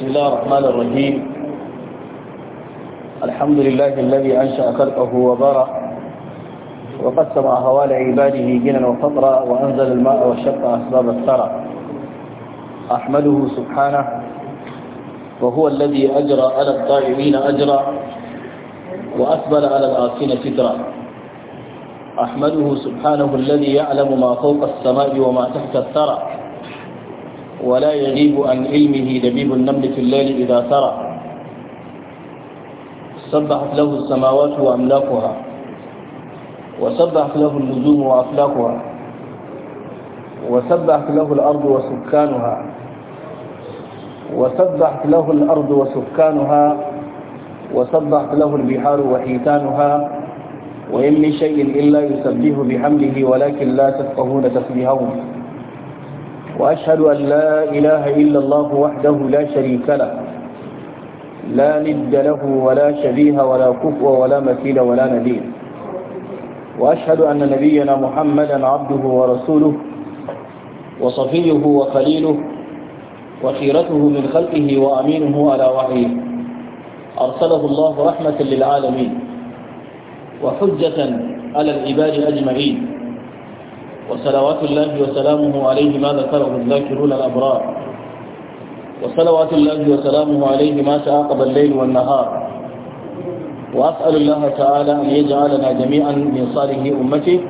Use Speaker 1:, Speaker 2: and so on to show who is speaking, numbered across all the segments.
Speaker 1: بسم الله الرحمن الرحيم الحمد لله الذي أنشأ خلقه وبرى وقسم أهوال عباده جنا وفطرا وأنزل الماء وشق أسباب الثرى أحمده سبحانه وهو الذي أجرى على الطائعين أجرا واقبل على الآسين سترا أحمده سبحانه الذي يعلم ما فوق السماء وما تحت الثرى ولا يغيب عن علمه دبيب النمل في الليل إذا سرى سبحت له السماوات وأملاكها وسبحت له النجوم وأفلاكها وسبحت له الأرض وسكانها وسبحت له الأرض وسكانها وسبحت له البحار وحيتانها وإن من شيء إلا يسبه بحمده ولكن لا تفقهون تسبيحهم وأشهد أن لا إله إلا الله وحده لا شريك له لا ند له ولا شبيه ولا كفو ولا مثيل ولا نذير وأشهد أن نبينا محمدا عبده ورسوله وصفيه وخليله وخيرته من خلقه وأمينه على وحيه أرسله الله رحمة للعالمين وحجة على العباد أجمعين وصلوات الله وسلامه عليه ما ذكره الذاكرون الأبرار وصلوات الله وسلامه عليه ما تعاقب الليل والنهار وأسأل الله تعالى أن يجعلنا جميعا من صالح أمته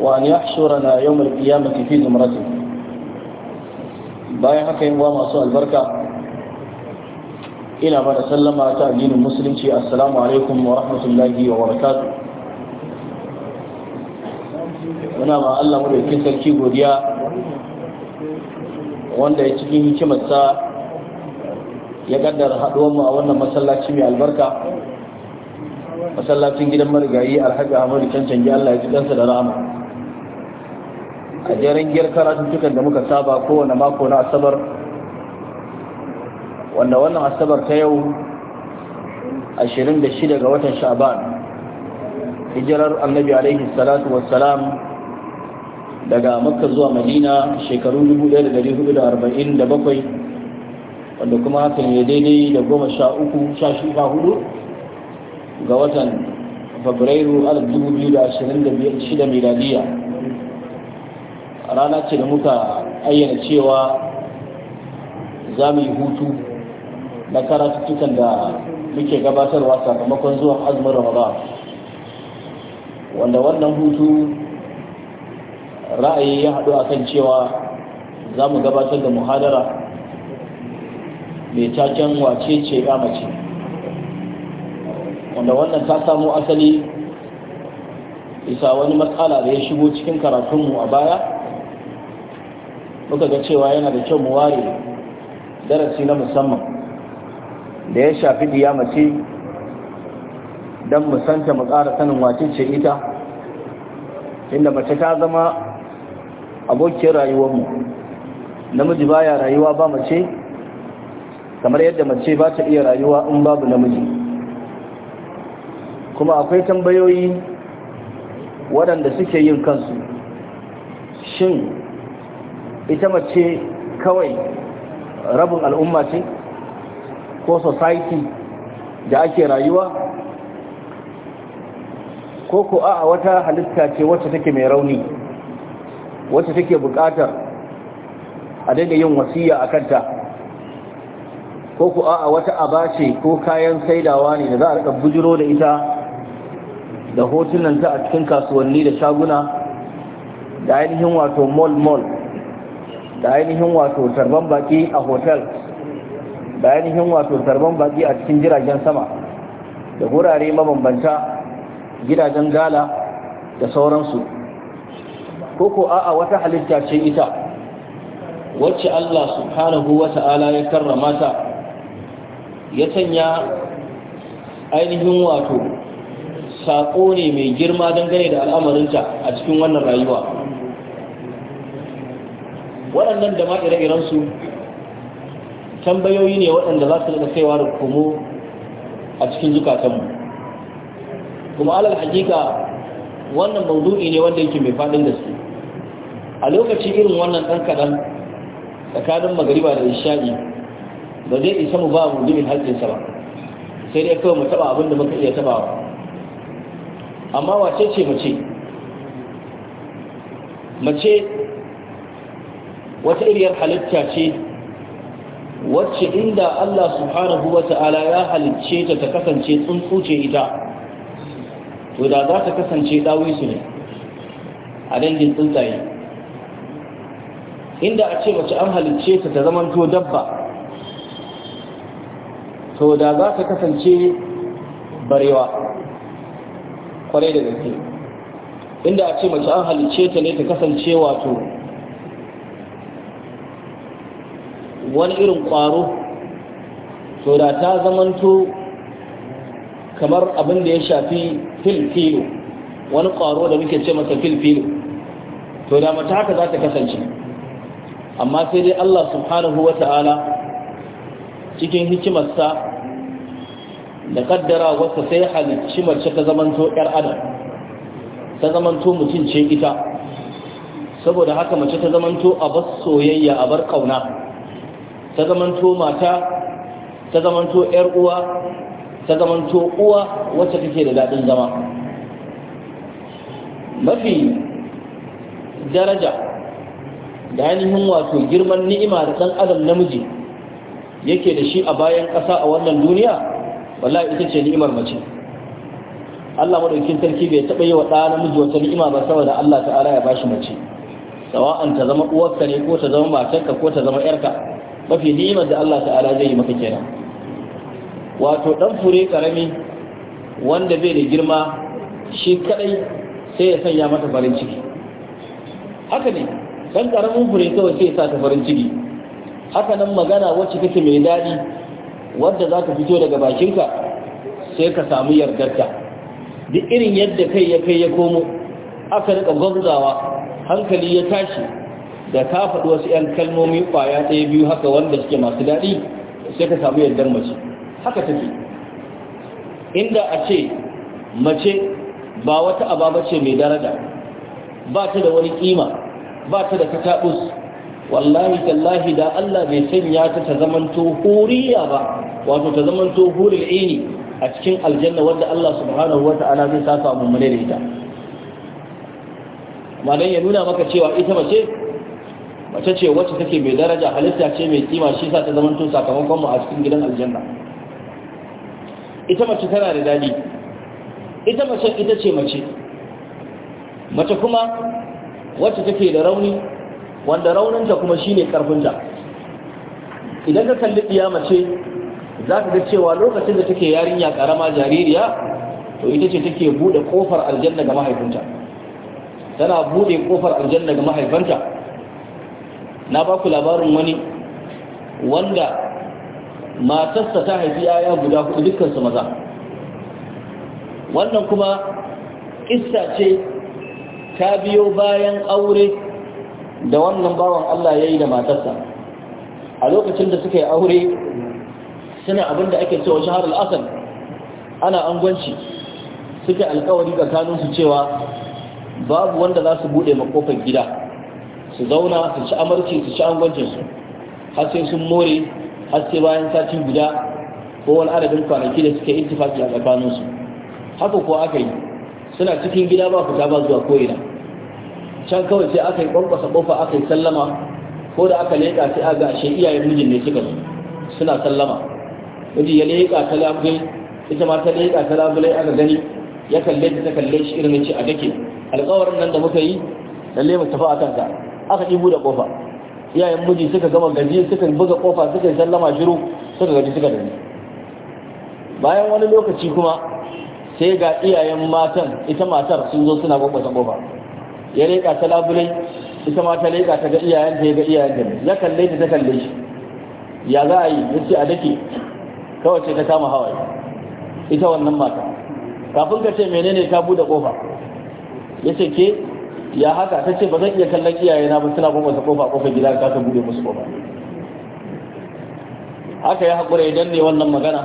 Speaker 1: وأن يحشرنا يوم القيامة في زمرته باي haka yin wa masu إلى ina ba على sallama المسلم السلام عليكم ورحمة الله وبركاته
Speaker 2: muna ma Allah mu da sarki godiya wanda ya cikin hikimarsa
Speaker 1: ya kaddara haɗuwar mu a wannan masallaci mai albarka masallacin gidan marigayi alhaji ahmadu cancanci Allah ya ci ɗansa da rahama a jeren giyar karatuttukan da muka saba kowane mako na asabar wanda wannan asabar ta yau 26 ga watan sha'ban hijirar annabi alaihi salatu wassalam daga makka zuwa madina shekaru 1447 wanda kuma hakan ya daidai da goma sha uku sha sha hudu ga watan fabrairu 2026 miladiya rana ce da muka ayyana cewa za mu yi hutu na karatuttukan da muke gabatarwa sakamakon zuwan azumin ramadan wanda wannan hutu ra'ayi ya haɗu a kan cewa za mu gabatar da muhadara mai taken wace ce ya mace wanda wannan ta samu asali isa wani matsala da ya shigo cikin karatunmu a baya muka ga cewa yana da kyau mu ware darasi na musamman da ya shafi ya mace don musanta mu ƙara sanin wace ce ita inda mace ta zama abokiyar mu, namiji baya rayuwa ba mace kamar yadda mace ba ta iya rayuwa in babu namiji kuma akwai tambayoyi waɗanda suke yin kansu shin ita mace kawai rabin al'umma ce ko society da ake rayuwa ko ko a wata halitta ce wacce take mai rauni wacce take buƙatar a daga yin wasiya a kanta ko ku a wata abace ko kayan saidawa ne da za a rika bujiro da ita da hotunanta a cikin kasuwanni da shaguna da ainihin wato mall mall da ainihin wato tarban baki a hotel da ainihin wato tarban baki a cikin jiragen sama da wurare mabambanta gidajen gala da sauransu ko ko a'a wata halitta ce ita wacce Allah subhanahu wa ta'ala ya karrama ta ya sanya ainihin wato saƙo ne mai girma dangane da al'amarinta a cikin wannan rayuwa waɗannan da ma irensu tambayoyi ne waɗanda za su daga kaiwa da komo a cikin zukatanmu kuma alal hajjika wannan maudu'i ne wanda yake mai faɗin da su. a lokaci irin wannan ɗan kaɗan tsakanin magariba da isha'i ba zai isa mu ba mu jimin haƙƙinsa ba sai dai kawai mu taɓa abin da muka iya taɓawa amma wace ce mace mace wata iriyar halitta ce wacce inda Allah subhanahu wa ta'ala ya halicce ta ta kasance tsuntsu ce ita to da za ta kasance ɗawisu ne a dangin tsuntsaye inda a ce mace an halicce ta ta to dabba to da za ta kasance barewa kwarai da gaske inda a ce mace an halicce ta ne ta kasance wato wani irin kwaro to da ta to kamar abin da ya shafi filfilo wani kwaro da muke ce masa filfilo to da mata haka za ta kasance amma sai dai Allah subhanahu wa ta'ala cikin hikimarsa da kaddara wasu sai halicci mace ta zamanto ‘yar adam ta zamanto mutum ce ita saboda haka mace ta zamanto a bar soyayya a bar ƙauna ta zamanto mata ta zamanto ‘yar uwa ta zamanto uwa wacce take da daɗin zama mafi daraja da ainihin wato girman ni'ima da ɗan adam namiji yake da shi a bayan ƙasa a wannan duniya wala ita ce ni'imar mace Allah madaukin sarki bai taɓa yi wa ɗa namiji wata ni'ima ba saboda Allah ta'ala ya bashi mace sawa'an ta zama uwarka ne ko ta zama matarka ko ta zama yarka mafi ni'imar da Allah ta'ala zai yi maka kenan wato dan fure karami wanda bai da girma shi kadai sai ya sanya mata farin ciki haka ne dan karamin fure kawai sai sa ta farin ciki haka nan magana wacce take mai daɗi wadda za ka fito daga bakinka sai ka samu yardarta duk irin yadda kai ya kai ya komo aka rika gwamzawa hankali ya tashi da ka faɗi wasu 'yan kalmomi ƙwaya ɗaya biyu haka wanda suke masu daɗi sai ka samu yardar mace haka take inda a ce mace ba wata aba ce mai daraja ba ta da wani kima ba ta da katabus wallahi tallahi da Allah bai sanya ta ta zamanto huriya ba wato ta zamanto huril aini a cikin aljanna wanda Allah subhanahu wata'ala zai saka mu mun da ita malan ya nuna maka cewa ita mace mace ce wacce take mai daraja halitta ce mai kima shi sa ta zamanto sakamakon mu a cikin gidan aljanna ita mace tana da dadi ita mace ita ce mace mace kuma wacce take da rauni wanda rauninta kuma shine karfinta idan ka kalli ɗiya ce, za ka ga cewa lokacin da take yarinya karama jaririya to ita ce take buɗe ƙofar aljanna ga mahaifinta tana buɗe ƙofar aljanna ga mahaifanta na ba ku labarin wani wanda matarsa ta haifi yaya guda hudu su maza wannan kuma kissa ce ta biyo bayan aure da wannan bawan Allah ya yi da matarsa a lokacin da suka yi aure suna abin da ake cewa shahar al'asar ana angwanci suka alkawari tsakaninsu cewa babu wanda za su buɗe makofar gida su zauna su ci amarci su ci su, har sai sun more har sai bayan sati guda ko wani adadin kwanaki da suka yi intifaki a tsakaninsu haka kuwa aka yi suna cikin gida ba fita ba zuwa ko'ina can kawai sai aka yi kwankwasa ƙofa aka yi sallama ko da aka leƙa sai a ga ashe iyayen mijin ne suka suna sallama miji ya leƙa ta labule, ita ma ta leƙa ta labulai aka gani ya kalle ta kalle shi irin ce a dake alƙawarin nan da muka yi lalle mu tafi a kanta aka ɗibu buɗe ƙofa. iyayen miji suka gama gaji suka buga ƙofa, suka yi sallama shiru suka gaji suka dani bayan wani lokaci kuma sai ga iyayen matan ita matar sun zo suna kwakwata goba ya leƙa ta labulai ita ma ta leƙa ta ga iyayen ta ga iyayen ta ya kalle ta ta kalle shi ya za a yi ya ce a dake kawai ce ta kama hawaye ita wannan mata kafin ka ce menene ta bude kofa ya ce ke ya haka ta ce ba zan iya kallon iyayena ba suna kwakwata kofa kofa gida ka ta bude musu kofa haka ya haƙura ya danne wannan magana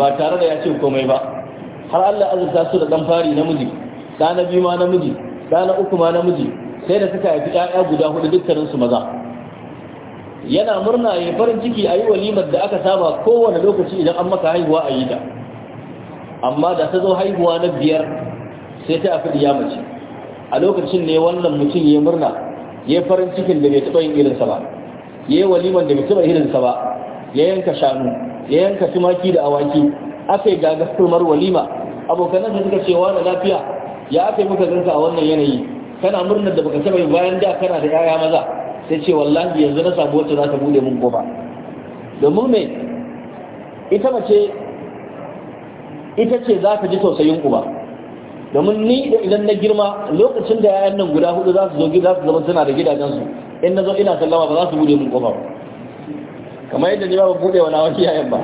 Speaker 1: ba tare da ya ce komai ba har Allah azurta su da dan fari namiji da na biyu ma namiji da na uku ma namiji sai da suka haifi ƴaƴa guda hudu dukkanin su maza yana murna ya farin ciki a yi walimar da aka saba kowane lokaci idan an maka haihuwa a yi ta amma da ta zo haihuwa na biyar sai ta fi ya mace a lokacin ne wannan mutum ya murna ya farin cikin da bai taɓa yin irinsa ba ya yi walimar da bai taɓa sa ba ya yanka shanu ya yanka tumaki da awaki aka yi walima abokanan suka ce wani lafiya ya aka yi muka ganka a wannan yanayi kana murnar da baka taba yi bayan da kana da yaya maza sai ce wallahi yanzu na samu wacce za ta bude mun goma domin me ita mace ita ce za ka ji tausayin uba domin ni da idan na girma lokacin da yayan nan guda hudu za su zo gida su zama suna da gidajensu in na zo ina sallama ba za su bude mun goma ba kamar yadda ni ba bude wa nawa kiyayen ba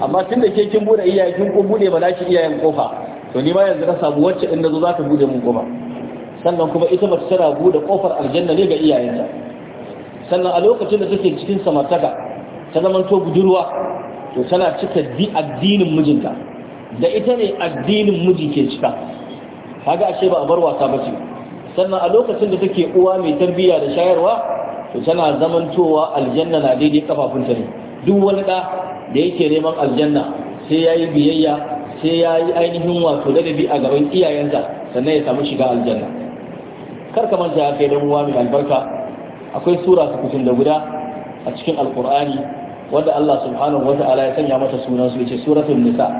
Speaker 1: amma tun da ke kin bude iyaye kin ko bude ba za ki iyayen kofa to ni ma yanzu na samu wacce in zo za ka bude mun kofa sannan kuma ita ta tana bude kofar aljanna ne ga iyayenta sannan a lokacin da take cikin samartaka ta zaman to budurwa to tana cika bi addinin mijinta da ita ne addinin miji ke cika kaga ashe ba a bar wasa ba ce sannan a lokacin da take uwa mai tarbiyya da shayarwa to tana zamantowa aljanna na daidai kafafunta ne duk wani da da yake neman aljanna sai ya yi biyayya sai ya yi ainihin wato ladabi a gaban iyayensa sannan ya samu shiga aljanna kar ka manta kai dan mai albarka akwai sura su kusun da guda a cikin alkur'ani wanda Allah subhanahu ta'ala ya sanya mata sunan su ce suratul nisa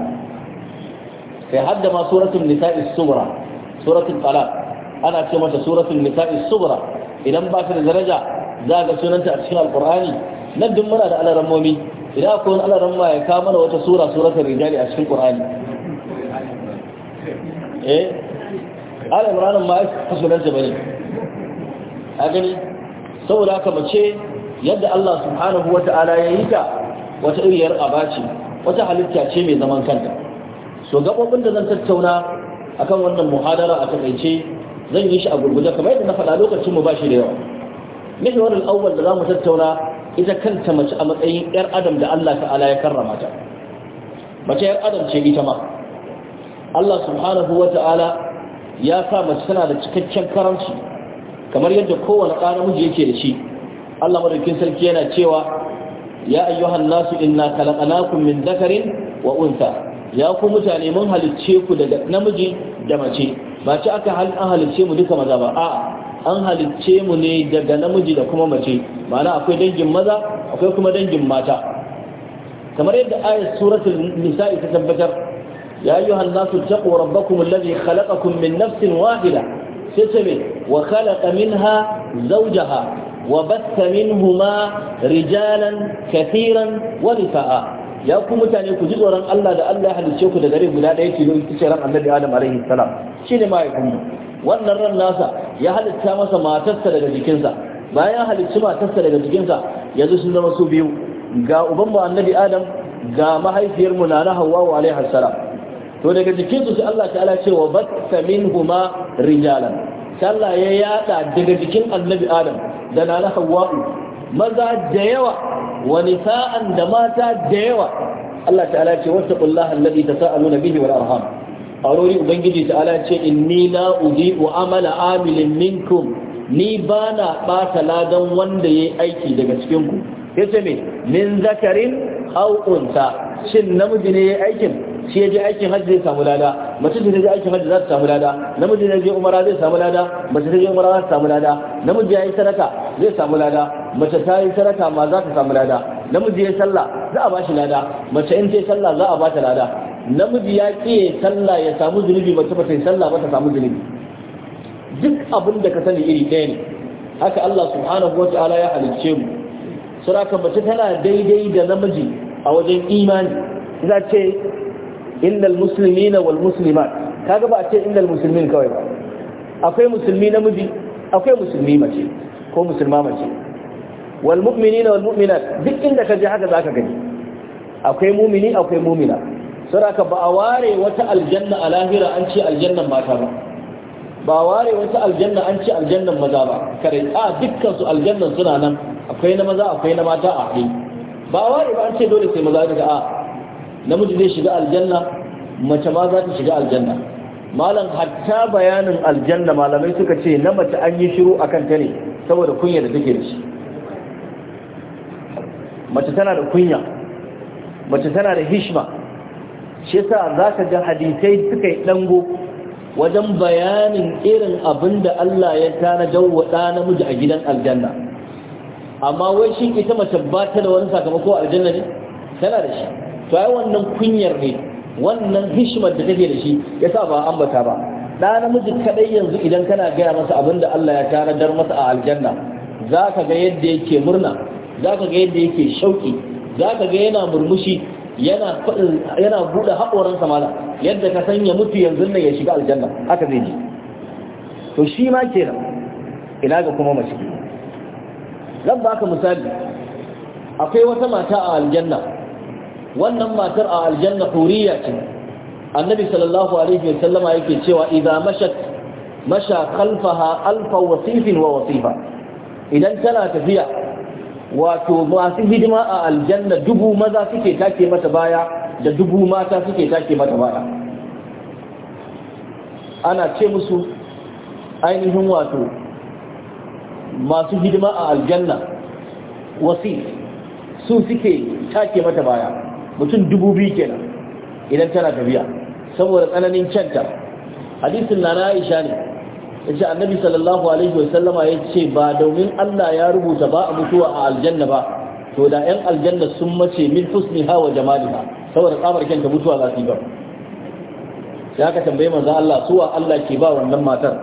Speaker 1: kai hadda ma suratul nisa is-sughra suratul talaq ana ce mata suratul nisa is idan ba ta da daraja za ga sunanta a cikin alkur'ani na duk muna da alarammomi idan akwai wani alaran ma ya kawo mana wata sura suratul rijali a cikin Ƙur'ani? eh ala ranar ma ai kusuranta bane a gani saboda aka mace yadda Allah subhanahu wata'ala ya yi ta wata iriyar abaci wata halitta ce mai zaman kanta so gaɓoɓin da zan tattauna akan wannan muhadara a takaice zan yi shi a gurguje kamar yadda na faɗa lokacin mu bashi da yawa mihwarul awwal da za mu tattauna ita kanta mace a matsayin ‘yar adam da Allah ta'ala ya karrama ta mace ‘yar adam ce ita ma Allah subhanahu wa ta'ala ya sa mace tana da cikakken karanci kamar yadda kowane ɗa namiji yake da shi Allah madaukin sarki yana cewa ya ayyuhan nasu inna khalaqnakum min dhakarin wa untha ya ku mutane mun halicce ku daga namiji da mace ba ci aka halicce mu duka maza ba a'a an halicce mu ne daga namiji da kuma mace ma'ana akwai dangin maza akwai kuma dangin mata kamar yadda ayat suratul nisa'i ta tabbatar ya ayyuha an-nasu taqu rabbakum alladhi khalaqakum min nafsin wahida sai ce wa khalaqa minha zawjaha wa batta minhuma rijalan kathiran wa nisaa ya ku mutane ku ji tsoron Allah da Allah ya halicce ku da gare guda ɗaya tilo ita ce ran Annabi Adam alaihi salam shine ma ya wannan ran nasa ya halitta masa matarsa daga jikinsa bayan halicci matarsa daga jikinsa yanzu sun zama su biyu ga uban mu annabi adam ga mahaifiyar mu na hawwa alaihi salam to daga jikinsu su Allah ta'ala ce wa batta minhuma rijalan Allah ya yada daga jikin annabi adam da na hawwa maza da yawa wa nisa'an da mata da yawa Allah ta'ala ce wattaqullaha alladhi tasaaluna bihi wal arham arori ubangiji Ala ce inni la wa amala amilin minkum ni ba na ɓata ladan wanda ya aiki daga cikin ku ce me min zakarin haukunta? shin namiji ne ya aikin shi ya je aikin hajji zai samu lada mace ta je aikin hajji za ta samu lada namiji ne je umara zai samu lada mace ta je umara za ta samu lada namiji ya yi sadaka zai samu lada mace ta yi sadaka ma za ta samu lada namiji ya sallah za a ba shi lada mace in ta yi sallah za a ba ta lada namiji ya ƙi sallah ya samu zunubi mace ba ta yi sallah ba ta samu zunubi duk abin da ka sani iri ɗaya ne haka Allah subhanahu wa ta'ala ya halicce mu suraka mace tana daidai da namiji a wajen imani za ce innal muslimina wal muslimat kaga ba a ce innal muslimin kawai ba akwai musulmi namiji akwai musulmi mace ko musulma mace wal mu'minina wal mu'minat duk inda ka je haka zaka gani akwai mumini akwai mumina saraka ba a ware wata aljanna a lahira an ce aljannan mata ba ba a ware wata aljanna an ce aljannan maza ba kare a dukkan su aljannan suna nan akwai na maza akwai na mata a haɗe ba a ware ba an ce dole sai maza daga a namiji zai shiga aljanna mace ma za ta shiga aljanna malam hatta bayanin aljanna malamai suka ce na mace an yi shiru akan ta ne saboda kunya da take da shi mace tana da kunya mace tana da hishma shi yasa za ka ga hadisai suka yi ɗango wajen bayanin irin abin da Allah ya tana wa ɗa namiji a gidan aljanna amma wai shi ita mace ba ta da wani sakamako a aljanna ne tana da shi to ai wannan kunyar ne wannan hishimar da take da shi yasa ba ambata ba ɗa namiji kaɗai yanzu idan kana gaya masa abin da Allah ya dar masa a aljanna za ka ga yadda yake murna za ka ga yadda yake shauƙi za ka ga yana murmushi yana yana buɗe haƙoransa mala yadda ka sanya mutu yanzu nan ya shiga aljanna haka zai ji to shi ma nan, ina ga kuma mace zan baka misali akwai wata mata a aljanna wannan matar a aljanna huriya ce annabi sallallahu alaihi wasallama yake cewa idza mashat masha khalfaha alfa wasifin wa wasifa idan tana tafiya wato masu hidima a aljanna dubu maza suke take mata baya da dubu mata suke take mata baya ana ce musu ainihin wato masu hidima a aljanna wasi su suke take mata baya mutum dubu biyu kenan idan tana tafiya saboda tsananin canta hadisin na na aisha ne yace annabi sallallahu alaihi wasallama yace ba domin Allah ya rubuta ba a mutuwa a aljanna ba to da ƴan aljanna sun mace min husniha wa jamaliha saboda tsabar kanta mutuwa za su yi ba sai aka tambaye manzo Allah suwa Allah ke ba wannan matar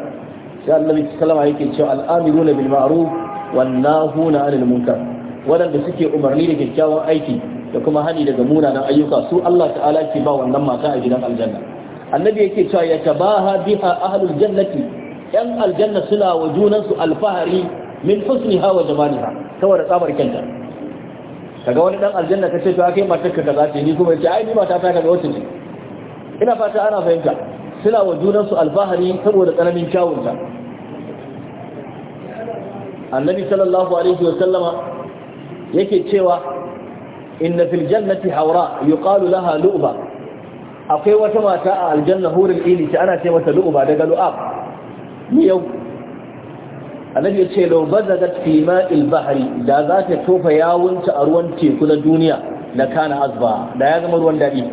Speaker 1: sai annabi sallallahu alaihi yake cewa al-amiruna bil ma'ruf wan nahuna 'anil munkar wadanda suke umarni da kyakkyawan aiki da kuma hani daga munanan ayyuka su Allah ta'ala ke ba wannan mata a gidan aljanna annabi yake cewa ya tabaha biha ahlul jannati yan aljanna suna wa junansu alfahari min husniha wa kawai da tsabar kyanta kaga wani ɗan aljanna ka kace to akai matarka kaza ce ni kuma ce ai ni mata ta kaza wacce ce ina fata ana fahimta suna wa junansu alfahari saboda tsananin kyawunta annabi sallallahu alaihi wa sallama yake cewa inna fil jannati haura yuqalu laha lu'ba akwai wata mata a aljanna hurul ini ta ana ce mata lu'ba daga lu'ab miyau annabi ya ce lau bazadat fi ma'il bahri da za ta tofa yawunta a ruwan teku na duniya na kana azba da ya zama ruwan dadi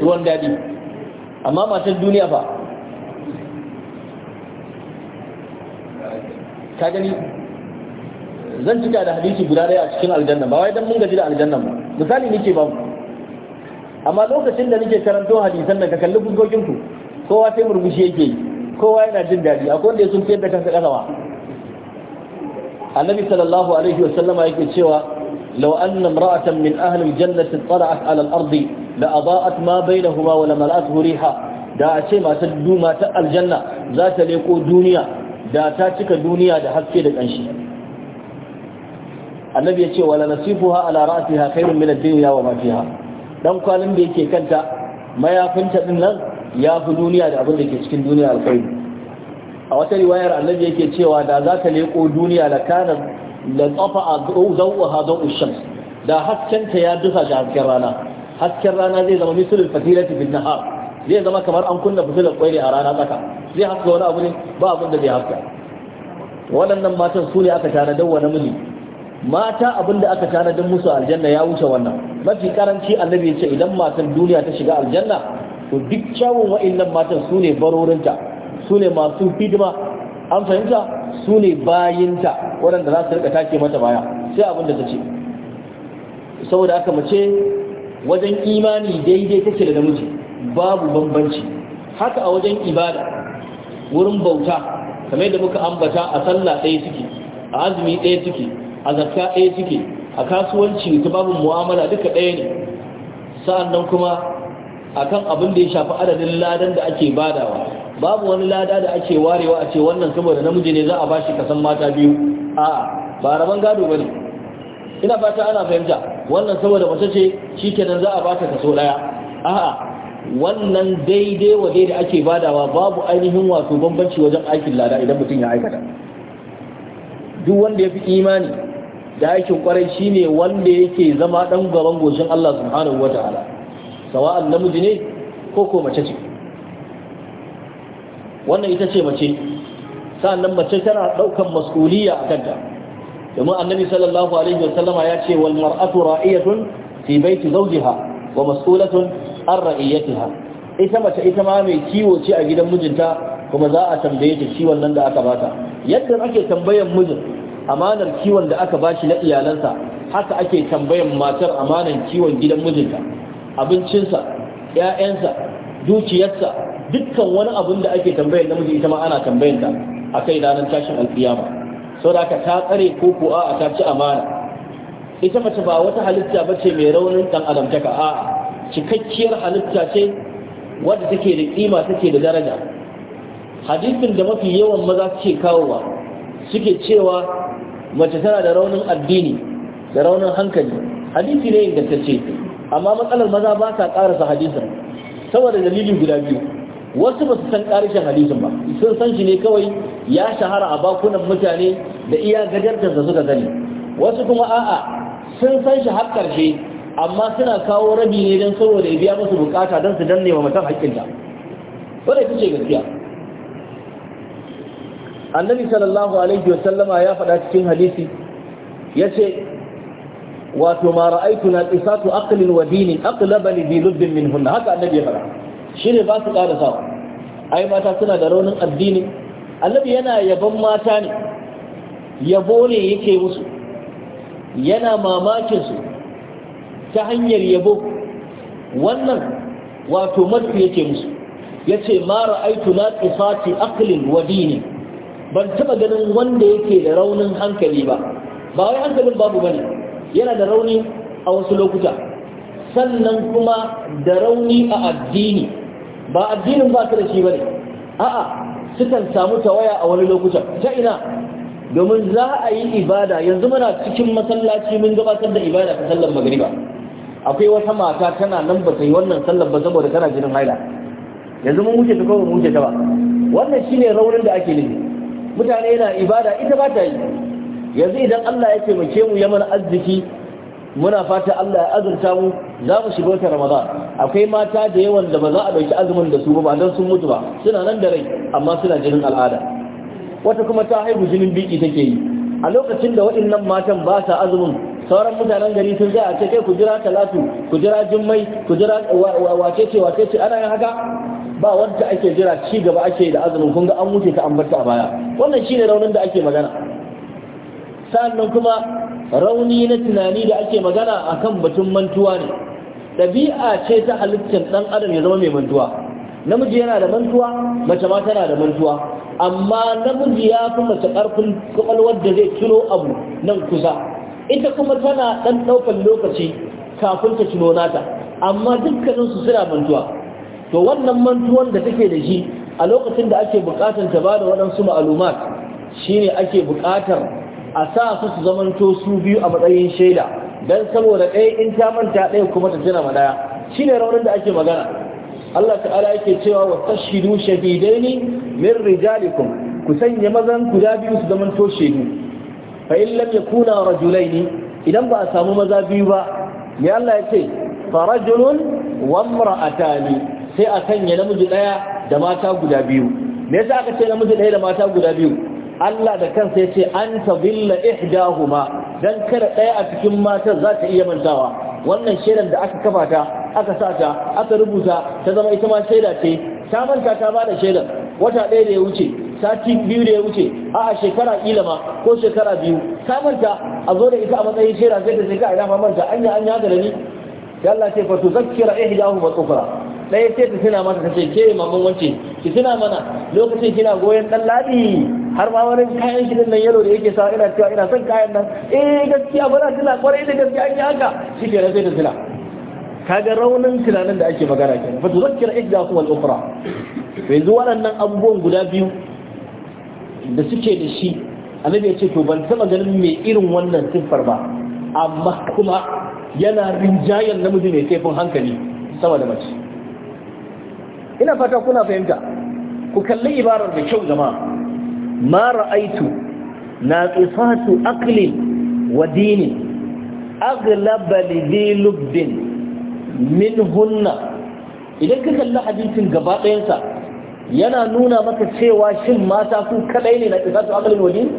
Speaker 1: ruwan dadi amma matan duniya fa ka gani zan cika da hadisi guda daya a cikin aljanna ba wai dan mun gaji da aljanna ba misali nake ba amma lokacin da nake karanto hadisan nan ka kalli fuskokin ku kowa sai murmushi yake yi kowa yana jin daɗi akwai wanda ya sun fiyar da kansa ƙasawa annabi sallallahu alaihi wa sallama yake cewa law anna imra'atan min ahli jannati tara'at ala al-ardi la adaa'at ma bainahuma wa lam ra'athu riha da a ce masu duma ta aljanna za ta leko duniya da ta cika duniya da haske da kanshi annabi ya ce wala nasifuha ala ra'siha khairun min ad-dunya wa ma fiha dan kwalin da yake kanta mayafinta din nan ya fi duniya da abin da ke cikin duniya alkhairi a wata riwayar annabi yake cewa da za ka leƙo duniya la kana la tsafa a zawuha zawu shams da haskenta ya dusa da hasken rana hasken rana zai zama misalin fatilati bin nahar zai zama kamar an kunna fitilar kwaire a rana tsaka zai haska wani abu ne ba abin da zai haska waɗannan matan su ne aka tana dawa namiji mata abin da aka tanadin musu aljanna ya wuce wannan mafi karanci annabi ya ce idan matan duniya ta shiga aljanna to duk kyawun wa'annan matan su ne barorinta su ne masu hidima an fahimta su ne bayinta waɗanda za su rika take mata baya sai abin da ta ce saboda aka mace wajen imani daidai take da namiji babu bambanci haka a wajen ibada wurin bauta kamar yadda muka ambata a sallah ɗaya suke a azumi ɗaya suke a zakka ɗaya suke a kasuwanci ta babu mu'amala duka ɗaya ne sa'an nan kuma akan abin da ya shafi adadin ladan da ake badawa babu wani lada da ake warewa a ce wannan saboda namiji ne za a bashi kasan mata biyu a ba rabon gado bane ina fata ana fahimta wannan saboda mace ce shikenan za a bata kaso daya a'a wannan daidai wa da ake badawa babu ainihin wato bambanci wajen aikin lada idan mutum ya aikata duk wanda ya fi imani da aikin kwarai shine wanda yake zama dan gaban goshin Allah subhanahu wataala sawa'an namiji ne ko ko mace ce wannan ita ce mace sa'annan mace tana daukan mas'uliyya a kanta domin annabi sallallahu alaihi wasallama ya ce wal mar'atu ra'iyatun fi baiti zawjiha wa mas'ulatun an ra'iyatiha ita mace ita ma mai kiwo ce a gidan mijinta kuma za a tambaye ta kiwon nan da aka bata yadda ake tambayan mijin amanar kiwon da aka bashi na iyalansa haka ake tambayan matar amanar kiwon gidan mijinta abincinsa ‘ya'yansa dukiyarsa dukkan wani abin da ake tambayar namiji ita ma ana tambayar ta a kai ranar tashin alkiyama sau da ka ta tsare ko kuwa a ta ci amana ita mace ba wata halitta ba ce mai raunin ɗan adamtaka a'a cikakkiyar halitta ce wadda take da kima take da daraja hadisin da mafi yawan maza suke kawowa suke cewa mace tana da raunin addini da raunin hankali hadisi ne ce. amma matsalar maza ba sa karasa hadisin saboda dalilin guda biyu wasu ba su san karishin hadisin ba sun san shi ne kawai ya shahara a bakunan mutane da iya gajarta da suka sani wasu kuma a'a sun san shi har karshe amma suna kawo rabi ne don saboda ya biya musu bukata don su danne wa mutum haƙƙinta wadda ita ce gaskiya annabi sallallahu alaihi wasallama ya faɗa cikin hadisi ya ce wato ma ra'aitu na qisatu aqlin wa dinin aqlaba li dhulubbin minhunna haka annabi ya fara shine ba su kada sawa ai mata suna da raunin addini annabi yana yabon mata ne yabo ne yake musu yana mamakin su ta hanyar yabo wannan wato matsi yake musu yace ma ra'aitu na qisati aqlin wa dinin ban taba ganin wanda yake da raunin hankali ba ba wai hankalin babu bane yana da rauni a wasu lokuta sannan kuma da rauni a addini ba addinin ba ta da shi bane a'a sukan samu tawaya a wani lokuta ta ina domin za a yi ibada yanzu muna cikin masallaci mun gabatar da ibada ta sallar magriba akwai wata mata tana nan ba ta yi wannan sallar ba saboda tana jinin haila yanzu mun wuce ta ko mun wuce ta ba wannan shine raunin da ake nufi mutane na ibada ita ba ta yi yanzu idan Allah ya taimake mu yaman arziki muna fata Allah ya azurta mu za mu shiga wata Ramadan akwai mata da yawan da ba za a dauki azumin da su ba ba dan sun mutu ba suna nan da rai amma suna jinin al'ada wata kuma ta haihu jinin biki take yi a lokacin da waɗannan matan ba sa azumin sauran mutanen gari sun ga a ce kai ku jira talatu ku jira jummai ku jira wace ce wace ce ana yin haka ba wanda ake jira ci gaba ake da azumin kun ga an wuce ta an barta a baya wannan shine raunin da ake magana sannan kuma rauni na tunani da ake magana a kan batun mantuwa ne ɗabi'a ce ta halittar ɗan adam ya zama mai mantuwa namiji yana da mantuwa mace ma tana da mantuwa amma namiji ya fi mace ƙarfin kwakwalwar da zai tuno abu nan kusa ita kuma tana ɗan ɗaukar lokaci kafin ta tuno nata amma dukkaninsu suna mantuwa to wannan mantuwan da take da shi a lokacin da ake buƙatar ta ba da waɗansu ma'alumat shine ake buƙatar a sa su su zamanto su biyu a matsayin shaida don saboda ɗaya in ta manta ɗaya kuma ta jira madaya ne raunin da ake magana Allah ta'ala yake cewa wa tashidu shahidaini min rijalikum ku sanya mazan ku da biyu su zamanto shaidu fa in wa yakuna rajulaini idan ba a samu maza biyu ba me Allah ya ce fa rajulun wa imra'atani sai a sanya namiji ɗaya da mata guda biyu me yasa aka ce namiji ɗaya da mata guda biyu Allah da kansa ya ce an ihda ihdahuma dan kada ɗaya a cikin matan za ta iya mantawa wannan shedar da aka kafa ta aka sa ta aka rubuta ta zama ita ma shaida ce ta manta ta bada shedar wata ɗaya da ya wuce sati biyu da ya wuce a a shekara kila ma ko shekara biyu ta manta a zo da ita a matsayin shaida sai ta shekara ina ma manta anya anya da ni Allah ce fa tuzakkira ihdahuma ukhra ɗaya sai ta suna mata ta ce ke mamman wance ki suna mana lokacin kina goyon ɗan laɗi har ma wani kayan shi nan yalo da yake sa, ina cewa ina son kayan nan eh gaskiya ba na tuna kwarai da gaskiya an yi haka shi ke sai ta tuna kaga raunin tunanin da ake magana ke fa tuzakkira kuma al-ukhra yanzu waɗannan abubuwan guda biyu da suke da shi annabi ya ce to ban taɓa ganin mai irin wannan siffar ba amma kuma yana rinjayen namiji mai kaifin hankali sama da mace ina fata kuna fahimta ku kalli ibarar da kyau jama'a ma ra'aitu naqisatu aqlin wa dini aghlaba li lubbin minhunna idan ka kalli hadisin gaba ɗayansa yana nuna maka cewa shin mata ku kaɗai ne na qisatu aqlin wa dini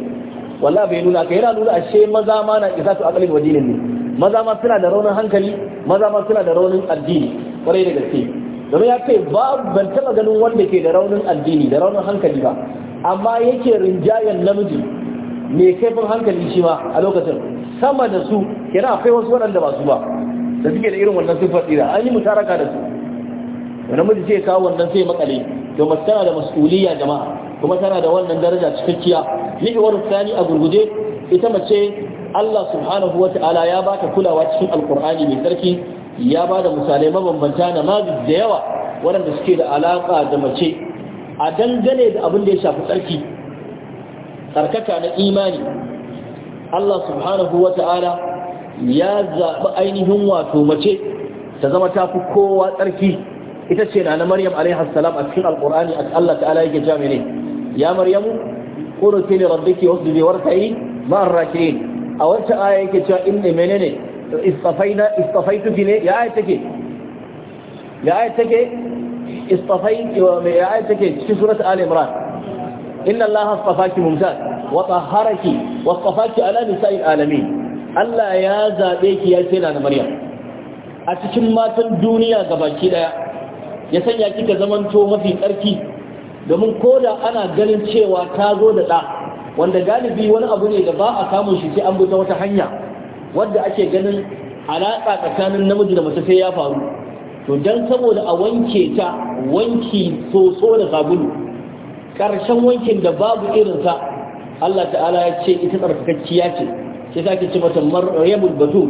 Speaker 1: wallahi bai nuna ka yana nuna ashe maza ma na qisatu aqlin wa dini ne maza ma suna da raunin hankali maza ma suna da raunin addini kwarai da gaske domin ya ce ba ban taba ganin wanda ke da raunin addini da raunin hankali ba amma yake rinjayen namiji mai kaifin hankali shi ma a lokacin sama da su yana akwai wasu waɗanda ba su ba da suke da irin wannan siffar tsira an yi mutaraka da su namiji ce kawo wannan sai makale to tana da mas'uliyya jama'a kuma tana da wannan daraja cikakkiya ni wani sani a gurguje ita mace Allah subhanahu wa ta'ala ya ta kulawa cikin alkur'ani mai tsarki ya ba da misalai mabambanta na mazi da yawa waɗanda suke da alaƙa da mace a dangane da abin da ya shafi tsarki tsarkaka na imani Allah subhanahu wa ta'ala ya zaɓi ainihin wato mace ta zama ta fi kowa tsarki ita ce na na maryam alaihi salam a cikin alkur'ani Allah ta'ala yake jami ne ya maryamu qurti li rabbiki wasjudi warka'i ma'ar raki'in a wancan aya yake cewa inni menene istafaina istafaitu fi ne ya aya take ya aya take istafai wa me ya aya take cikin surat ali imran inna allaha istafaki mumtaz wa tahharaki wa istafaki ala nisa'il alamin Allah ya zabe ki ya ce na Maryam a cikin matan duniya gabaki daya ya sanya kika zamanto mafi tsarki domin koda ana ganin cewa ta zo da da wanda galibi wani abu ne da ba a kamun shi sai an bi ta wata hanya wadda ake ganin alaƙa tsakanin namiji da mace sai ya faru to dan saboda a wanke ta wanki soso da sabulu ƙarshen wankin da babu irinsa Allah ta'ala ya ce ita tsarkakakkiya ce sai sake ce mata maryamul batul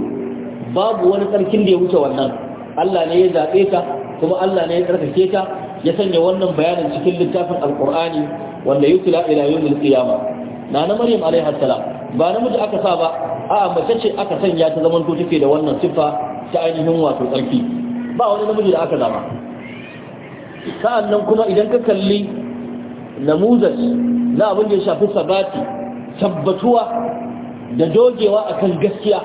Speaker 1: babu wani tsarkin da ya wuce wannan Allah ne ya zaɓe ta kuma Allah ne ya tsarkake ta ya sanya wannan bayanin cikin littafin alqur'ani wanda yutla ila yawmil qiyamah na na maryam alaiha salam ba namiji aka sa ba a'a mace ce aka sanya ta zaman to take da wannan siffa ta ainihin wato tsarki ba wani namiji da aka zama sa'annan kuma idan ka kalli namuzat na abin da ya shafi sabati tabbatuwa da dogewa akan gaskiya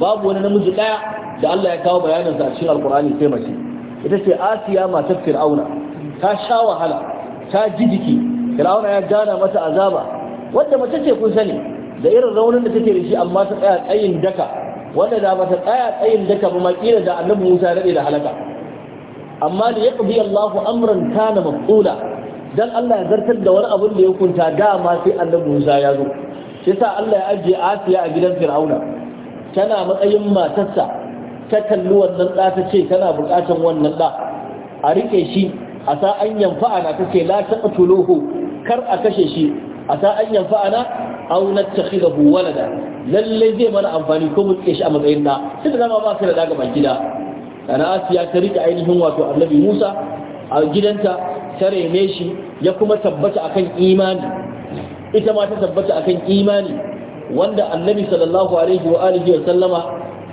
Speaker 1: babu wani namiji daya da Allah ya kawo bayanin sa a cikin alkur'ani sai mace ita ce asiya matar fir'auna ta sha wahala ta ji jiki fir'auna ya gana mata azaba Wanda mace ce kun sani da irin raunin da take da shi amma ta tsaya tsayin daka wanda da ba ta tsaya tsayin daka ba makila da annabi Musa rade da halaka amma da ya qadi Allahu amran kana maf'ula dan Allah ya zartar da wani abin da ya kunta dama sai annabi Musa ya zo shi sa Allah ya ajiye Asiya a gidan Fir'auna tana matsayin matarsa ta kalli wannan ɗa ta ce tana buƙatar wannan ɗa a rike shi a sa an yanfa ana ta ce la taɓa kar a kashe shi A asa an yanfa'ana aw buwala da. Lallai zai mana amfani ko mu tsike shi a matsayin da sai da zama ba su da daga baki gida. ana asiya ta rike ainihin wato annabi Musa a gidanta ta reme shi ya kuma tabbata akan imani ita ma ta tabbata akan imani wanda annabi sallallahu alaihi wa alihi wa sallama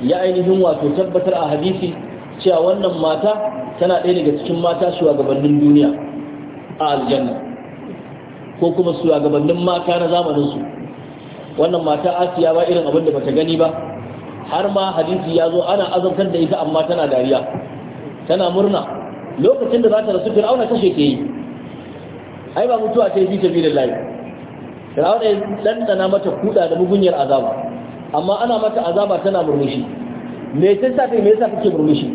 Speaker 1: ya ainihin wato tabbatar a hadisi cewa wannan mata tana ɗaya daga cikin mata shugabannin duniya a aljanna ko kuma su a gabanin mata na zamaninsu wannan mata asiya ba irin abin da bata gani ba har ma hadisi ya zo ana azabtar da ita amma tana dariya tana murna lokacin da za ta rasu fir'auna kashe ke yi ai ba mutuwa ta yi fi tafi da layi fir'auna ya dandana mata kuɗa da mugunyar azaba amma ana mata azaba tana murmushi me ta take me yasa ke murmushi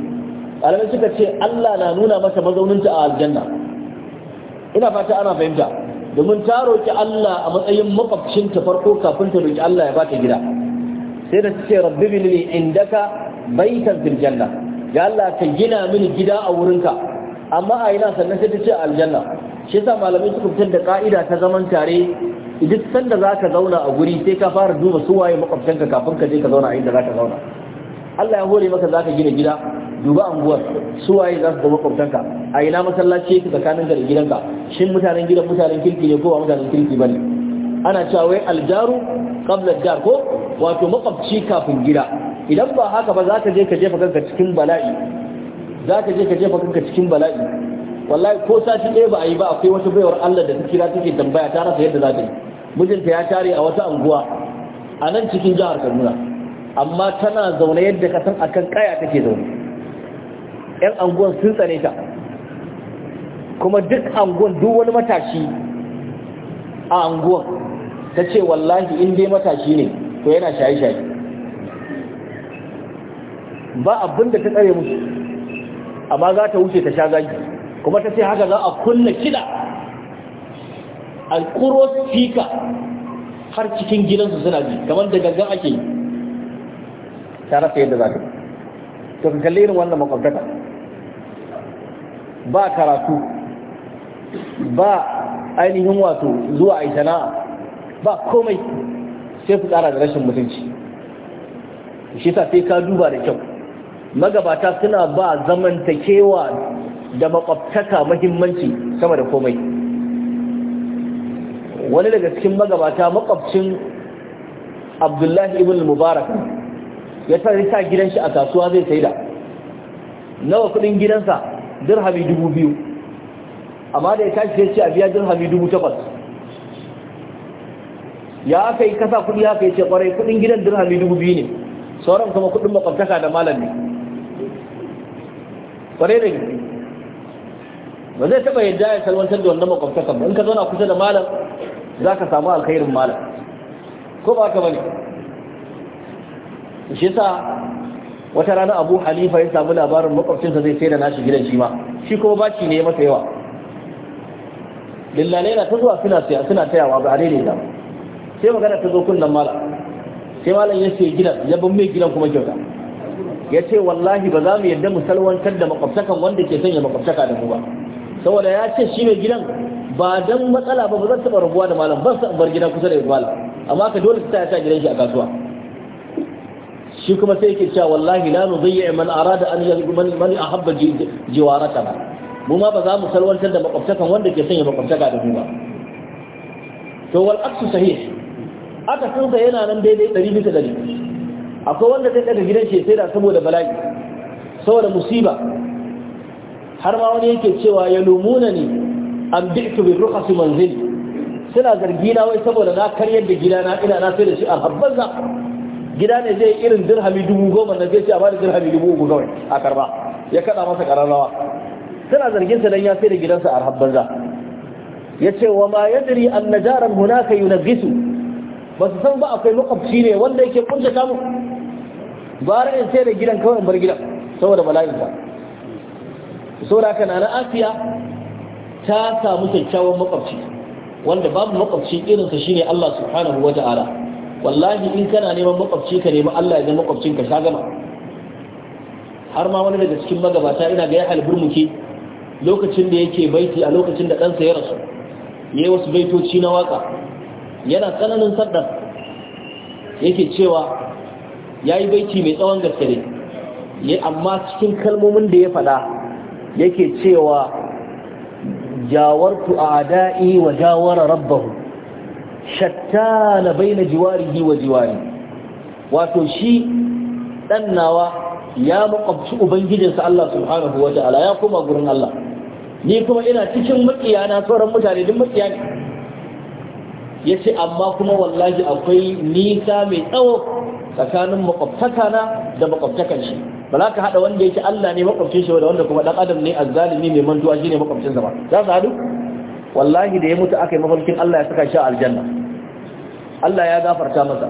Speaker 1: alamai suka ce Allah na nuna mata mazauninta a aljanna ina fata ana fahimta domin ta roƙi Allah a matsayin makwabcin ta farko kafin ta roƙi Allah ya bata gida sai da ce rabbi bilni indaka baitan fil janna ya Allah ka gina mini gida a wurinka amma a ina sannan sai ta ce aljanna shi yasa malamai suka fitar da ka'ida ta zaman tare duk sanda zaka zauna a guri sai ka fara duba su waye ka kafin ka je ka zauna a inda zaka zauna Allah ya hore maka zaka gina gida duba anguwar su waye za su zama kwamtanka a ina masallaci yake tsakanin gari gidanka shin mutanen gidan mutanen kirki ne ko ba mutanen kirki ba ne ana cewa wai aljaru qabla dar ko wato makwabci kafin gida idan ba haka ba za ka je ka jefa kanka cikin bala'i za ka je ka jefa kanka cikin bala'i wallahi ko sati ɗaya ba a yi ba akwai wata baiwar Allah da ta kira take tambaya ta rasa yadda za ta yi mijinta ya tare a wata anguwa a nan cikin jihar Kaduna amma tana zaune yadda ka san akan kaya take zaune yan anguwan sun tsane ta kuma duk anguwan duk wani matashi a anguwan ta ce wallahi in dai matashi ne ko yana shaye-shaye ba abin da ta tsare musu amma za ta wuce ta sha zagi kuma ta ce haka za a kunna kiɗa alkuro fika har cikin gidansu suna ji kamar da gangan ake yi. da yadda za ta to ka kalli irin wannan makwabtaka ba karatu ba ainihin wato zuwa a sana'a ba komai sai fi tsara da rashin mutunci shi sa sai ka duba da kyau magabata suna ba zamantakewa da makwabtaka mahimmanci sama da komai wani daga cikin magabata makwabcin abdullahi ibn mubarak ya sa gidan shi a kasuwa zai saida nawa kudin gidansa dirhami dubu biyu amma da ya tashi sai ce a biya dirhami dubu takwas ya aka yi kasa kudi haka ya ce kwarai kudin gidan dirhami dubu biyu ne sauran kuma kudin makwantaka da malam ne kwarai da gaske ba zai taba yadda ya salwantar da wannan makwabtakan ba in ka zauna kusa da malam za ka samu alkhairin malam ko ba ka bane shi sa wata rana abu halifa ya samu labarin makwabcinsa zai sai da nashi gidan shi ma shi kuma ba ne masa yawa dillalai na ta zuwa suna siya suna tayawa ba a daidai da sai magana ta zo kullum mala sai malam ya ce gidan ya bin mai gidan kuma kyauta ya ce wallahi ba za mu yadda mu salwantar da makwabtakan wanda ke sanya makwabtaka da mu ba saboda ya ce shi mai gidan ba dan matsala ba ba zan taɓa rabuwa da malam ban san bar gidan kusa da ibala amma ka dole ta ya sa gidan shi a kasuwa shi kuma sai yake cewa wallahi la nudayya man arada an man man ahabba jiwaratana mu ma ba za mu salwantar da makwabtakan wanda ke sanya makwabtaka da mu ba to wal aksu sahih aka san sa yana nan daidai 100 bisa 100 akwai wanda zai daga gidan shi sai da saboda bala'i saboda musiba har ma wani yake cewa ya lumuna ne an bi'tu bi rukhasi manzili suna zargi na wai saboda na karyar da gidana ina na sai da shi a habbanza gida ne zai irin dirhami dubu goma na zai ce a bada dirhami dubu uku kawai a karba ya kada masa kararrawa tana zargin sa dan ya sai da gidansa a habbanza ya ce wa ma yadri an najaran hunaka yunaghisu ba su san ba akwai makwabci ne wanda yake kunta kamu bara in sai da gidan kawai bar gidan saboda bala'in ta saboda haka na asiya ta samu kyakkyawan makwabci wanda babu makwabci irinsa shine Allah subhanahu wa ta'ala wallahi in kana neman makwabci ka nemi Allah ya zama makwabcin ka shagama har ma wani daga cikin magabata ina ga ya halburmuke lokacin da yake baiti a lokacin da ɗansa ya rasu ya yi wasu baitoci na waka yana tsananin saddan yake cewa ya yi baiti mai tsawon gaske ne amma cikin kalmomin da ya faɗa yake cewa jawartu a da'i wa jawara rabbahu shattana baina jiwarihi wa jiwari wato shi ɗan nawa ya makwabci ubangijinsa Allah subhanahu wa ta'ala ya koma gurin Allah ni kuma ina cikin makiyana sauran mutane duk makiya ne ya ce amma kuma wallahi akwai nisa mai tsawo tsakanin makwabtaka na da makwabtakan shi ba za ka haɗa wanda yake Allah ne makwabcin shi da wanda kuma ɗan adam ne azzalimi mai mantuwa shi ne makwabcinsa ba za su haɗu wallahi da ya mutu aka yi mafarkin Allah ya saka shi a aljanna Allah ya gafarta masa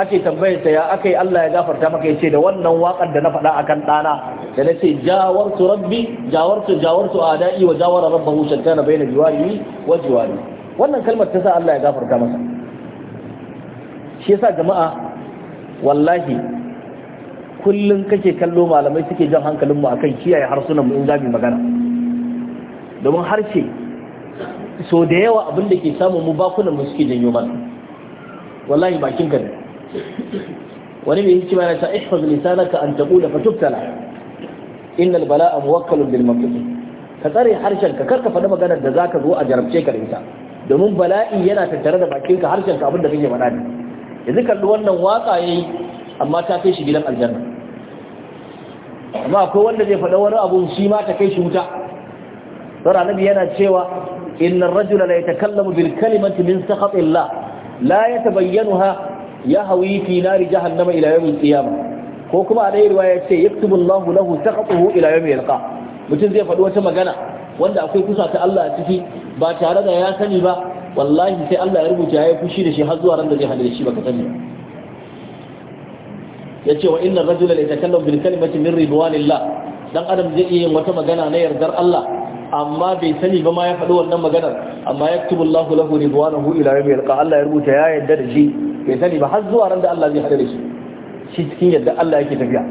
Speaker 1: ake tambayarsa ya aka yi Allah ya gafarta maka ya ce da wannan waƙar da na faɗa a kan ɗana da na ce jawarsu rabbi jawarsu a da'i wa jawara rabbahu shattana bayna jiwari wa jiwari wannan kalmar ta sa Allah ya gafarta masa shi yasa jama'a wallahi kullum kake kallo malamai suke jan hankalinmu mu akan kiyaye harsunan mu in zabi magana domin harshe so da yawa abin da ke samun mu bakunan mu suke janyo mana wallahi bakin ka wani mai hikima na ta ihfaz lisanaka an taqula fatubtala innal bala'a muwakkalun bil maqdur ka tsare harshen ka karka faɗi maganar da zaka zo a jarabce ka rinta domin bala'i yana tattare da bakin ka harshen ka abin da kake faɗa ne yanzu kalli wannan waka yayi amma ta kai shi gidan aljanna amma akwai wanda zai faɗa wani abu shi ma ta kai shi wuta saboda annabi yana cewa Innan ar-rajula la yatakallamu bil kalimati min sakhati Allah la yatabayyanuha yahwi fi nari jahannama ila yawm al-qiyamah ko kuma a dai riwaya ce yaktubu Allahu lahu sakhatahu ila yawm yalqa mutum zai faɗi wata magana wanda akwai kusa ta Allah a ciki ba tare da ya sani ba wallahi sai Allah ya rubuta ya yi fushi da shi har zuwa ran da zai da shi baka sani yace wa inna rajula la yatakallamu bil kalimati min ridwanillah dan adam zai iya yin wata magana na yardar Allah amma bai sani ba ma ya faɗi wannan maganar amma ya yaktubu Allahu lahu ridwanahu ila yawmi yalqa Allah ya rubuta ya yadda da shi bai sani ba har zuwa ran da Allah zai haɗa da shi shi cikin yadda Allah yake tafiya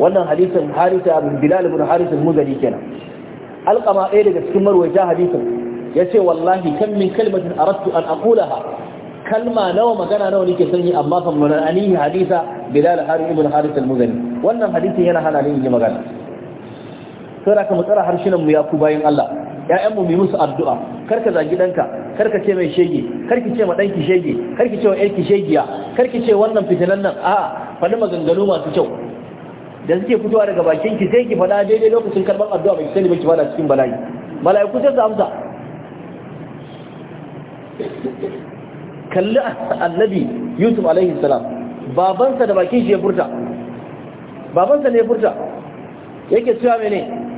Speaker 1: wannan hadisin Harisa bin Bilal bin Harisa al-Muzani kenan alqama ɗaya daga cikin marwayata hadisin yace wallahi kan min kalmatin aradtu an aqulaha kalma nawa magana nawa nake sanyi amma fa mun anihi hadisa Bilal Harisa ibn Harisa al-Muzani wannan hadisin yana hana ni yin magana saboda ka mu tsara harshenan mu ya ku bayin Allah ƴaƴan mu mu musu addu'a kar ka zagi danka kar ka ce mai shege kar ki ce ma danki shege kar ki ce wa yarki shegiya kar ki ce wannan fitinan nan a faɗi maganganu masu kyau da suke fitowa daga bakin ki sai ki faɗa daidai lokacin karɓar addu'a mai sani ba ki faɗa cikin bala'i mala'iku sai su amsa kalli annabi yusuf alaihi salam babansa da bakin shi ya furta babansa ne ya furta yake cewa mene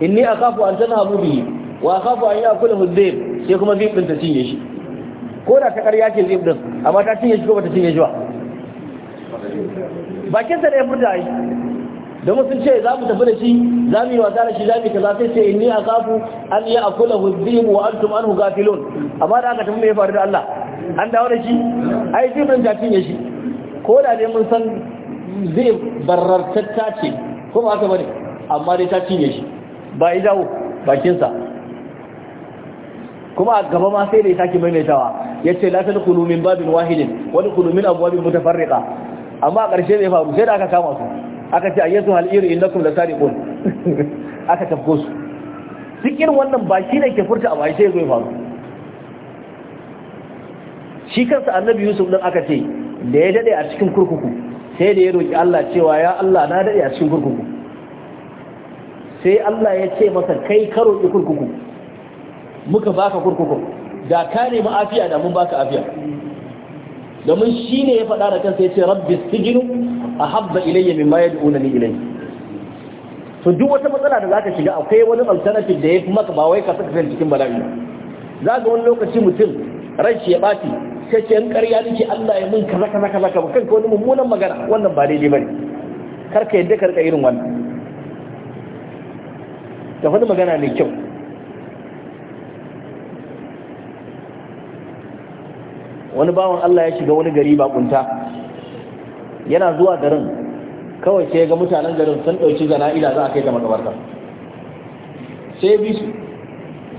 Speaker 1: inni akafu an tanhabu bihi wa akafu an kula dhib sai kuma zai binta ta cinye shi ko da ta ƙarya ce zai amma ta cinye shi ko ba ta cinye shi ba bakin sa da ya furta ai da sun ce za mu tafi da shi za mu yi wasa da shi za mu yi kaza sai ce inni akafu an ya'kulahu dhib wa antum anhu gafilun amma da aka tafi me ya faru da Allah an dawo da shi ai zai ta cinye shi ko da dai mun san zai barrartatta ce ko ba haka bari, amma dai ta cinye shi ba ya jawo bakinsa kuma a gaba ma sai da ya sake maimaitawa ya ce la kulumin babin wahilin wani kulumin abubuwan abwabin mutafarriqa amma a ƙarshe zai faru sai da aka kama su aka ce yi hal'iru inda iri da la sariqun aka tafko su duk irin wannan ba shi ne ke furta a bai sai ya zo ya faru shi kansa annabi yusuf ɗin aka ce da ya dade a cikin kurkuku sai da ya roƙi Allah cewa ya Allah na dade a cikin kurkuku sai Allah ya ce masa kai karo ki kurkuku muka baka kurkuku da ka nemi afiya da mun baka afiya domin shi ne ya faɗa da kansa ya ce rabbi sijinu a ilayya mimma yad'unani ilayhi to duk wata matsala da zaka shiga akwai wani alternative da ya fi maka ba wai ka saka cikin bala'i za ga wani lokaci mutum ran shi ya ɓaci sai ce yan ƙarya nake Allah ya mun kaza kaza kaza ka kanka wani mummunan magana wannan ba daidai bane karka yadda karka irin wannan da faɗi magana mai kyau wani bawan Allah ya shiga wani gari bakunta yana zuwa garin kawai sai ga mutanen garin sun ɗauki ila za a kai ta makabarta sai bi su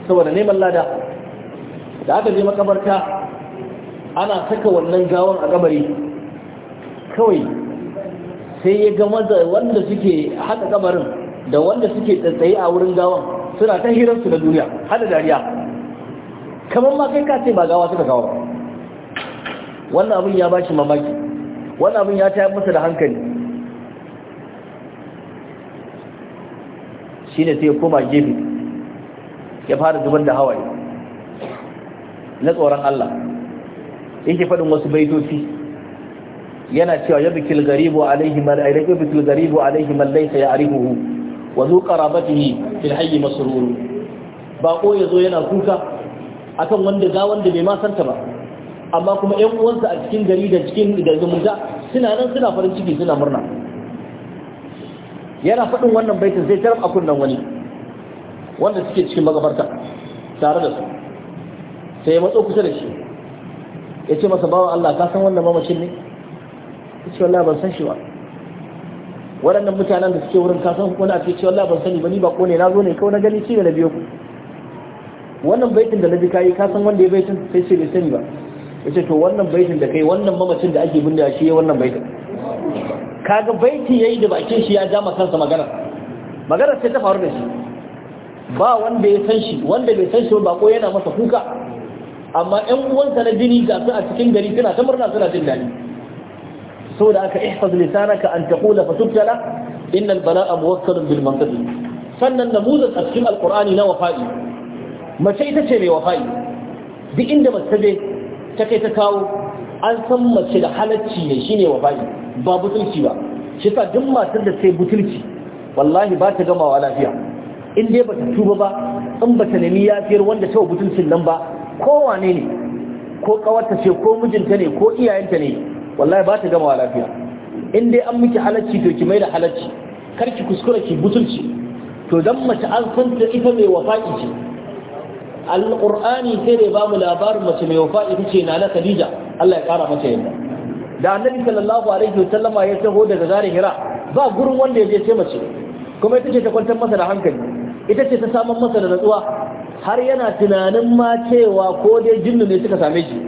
Speaker 1: saboda neman lada da aka je makabarta ana saka wannan gawon a kamari. kawai sai ya ga maza wanda suke haka kabarin da wanda suke tsatsaye a wurin gawan suna ta hirarsu na duniya hada dariya kamar ma kai ka ce ba gawa suka gawa wannan abin ya bashi mamaki wannan abin ya tayar masa da hankali Shi ne sai ya koma gefe ya fara zubar da hawaye na tsoron Allah yake faɗin wasu baitoci yana cewa ya bikil garibu alaihi mal ayrabi bikil garibu alaihi mal laysa ya'rifuhu wa zo qarabatihi fil hayy masrur ko yazo yana kuka akan wanda ga wanda bai ma santa ba amma kuma ɗan uwansa a cikin gari da cikin da zumunta suna nan suna farin ciki suna murna yana faɗin wannan baitin sai tarab a kunnan wani wanda suke cikin magabarta tare da su sai matso kusa da shi ya ce masa bawa Allah ka san wannan mamashin ne ya ce wallah ban san shi ba waɗannan mutanen da suke wurin kasan ku wani a ce wallahi ban sani ba ni ba ko ne na zo ne kawai na gani shi ne na biyo ku wannan baitin da na bi kayi ka san wanda ya baitin sai ce bai sani ba yace to wannan baitin da kai wannan mamacin da ake binne shi ya wannan baitin kaga baiti yayi da bakin shi ya jama kansa magana magana sai ta faru da shi ba wanda ya san shi wanda bai san shi ba ko yana masa kuka amma ƴan uwansa na jini ga su a cikin gari suna ta murna suna jin daɗi saboda aka ihfaz lisanaka an taqula Inna innal bala'a muwassalun bil mantiqi sannan namuzat a cikin alqur'ani na wafa'i mace ita ce mai wafa'i duk inda mace je ta kai ta kawo an san mace da halacci ne shine wafa'i ba butulci ba shi sa duk matar da sai butulci wallahi ba ta gamawa lafiya in dai bata tuba ba in bata nemi yafiyar wanda ta butulcin nan ba kowane ne ko kawarta ce ko mijinta ne ko iyayenta ne wallahi ba ta gama lafiya in dai an miki halacci to ki mai da halacci kar ki kuskura ki butulci to dan mace an san ta ita mai wafa'i ce alqur'ani sai da ba mu labarin mace mai wafa'i ta ce na na khadija Allah ya kara mata yadda da annabi sallallahu alaihi wasallama ya taho daga zarin hira ba gurin wanda ya je sai mace kuma ita ce ta kwantar masa da hankali ita ce ta samun masa da natsuwa har yana tunanin ma cewa ko dai jinnu ne suka same shi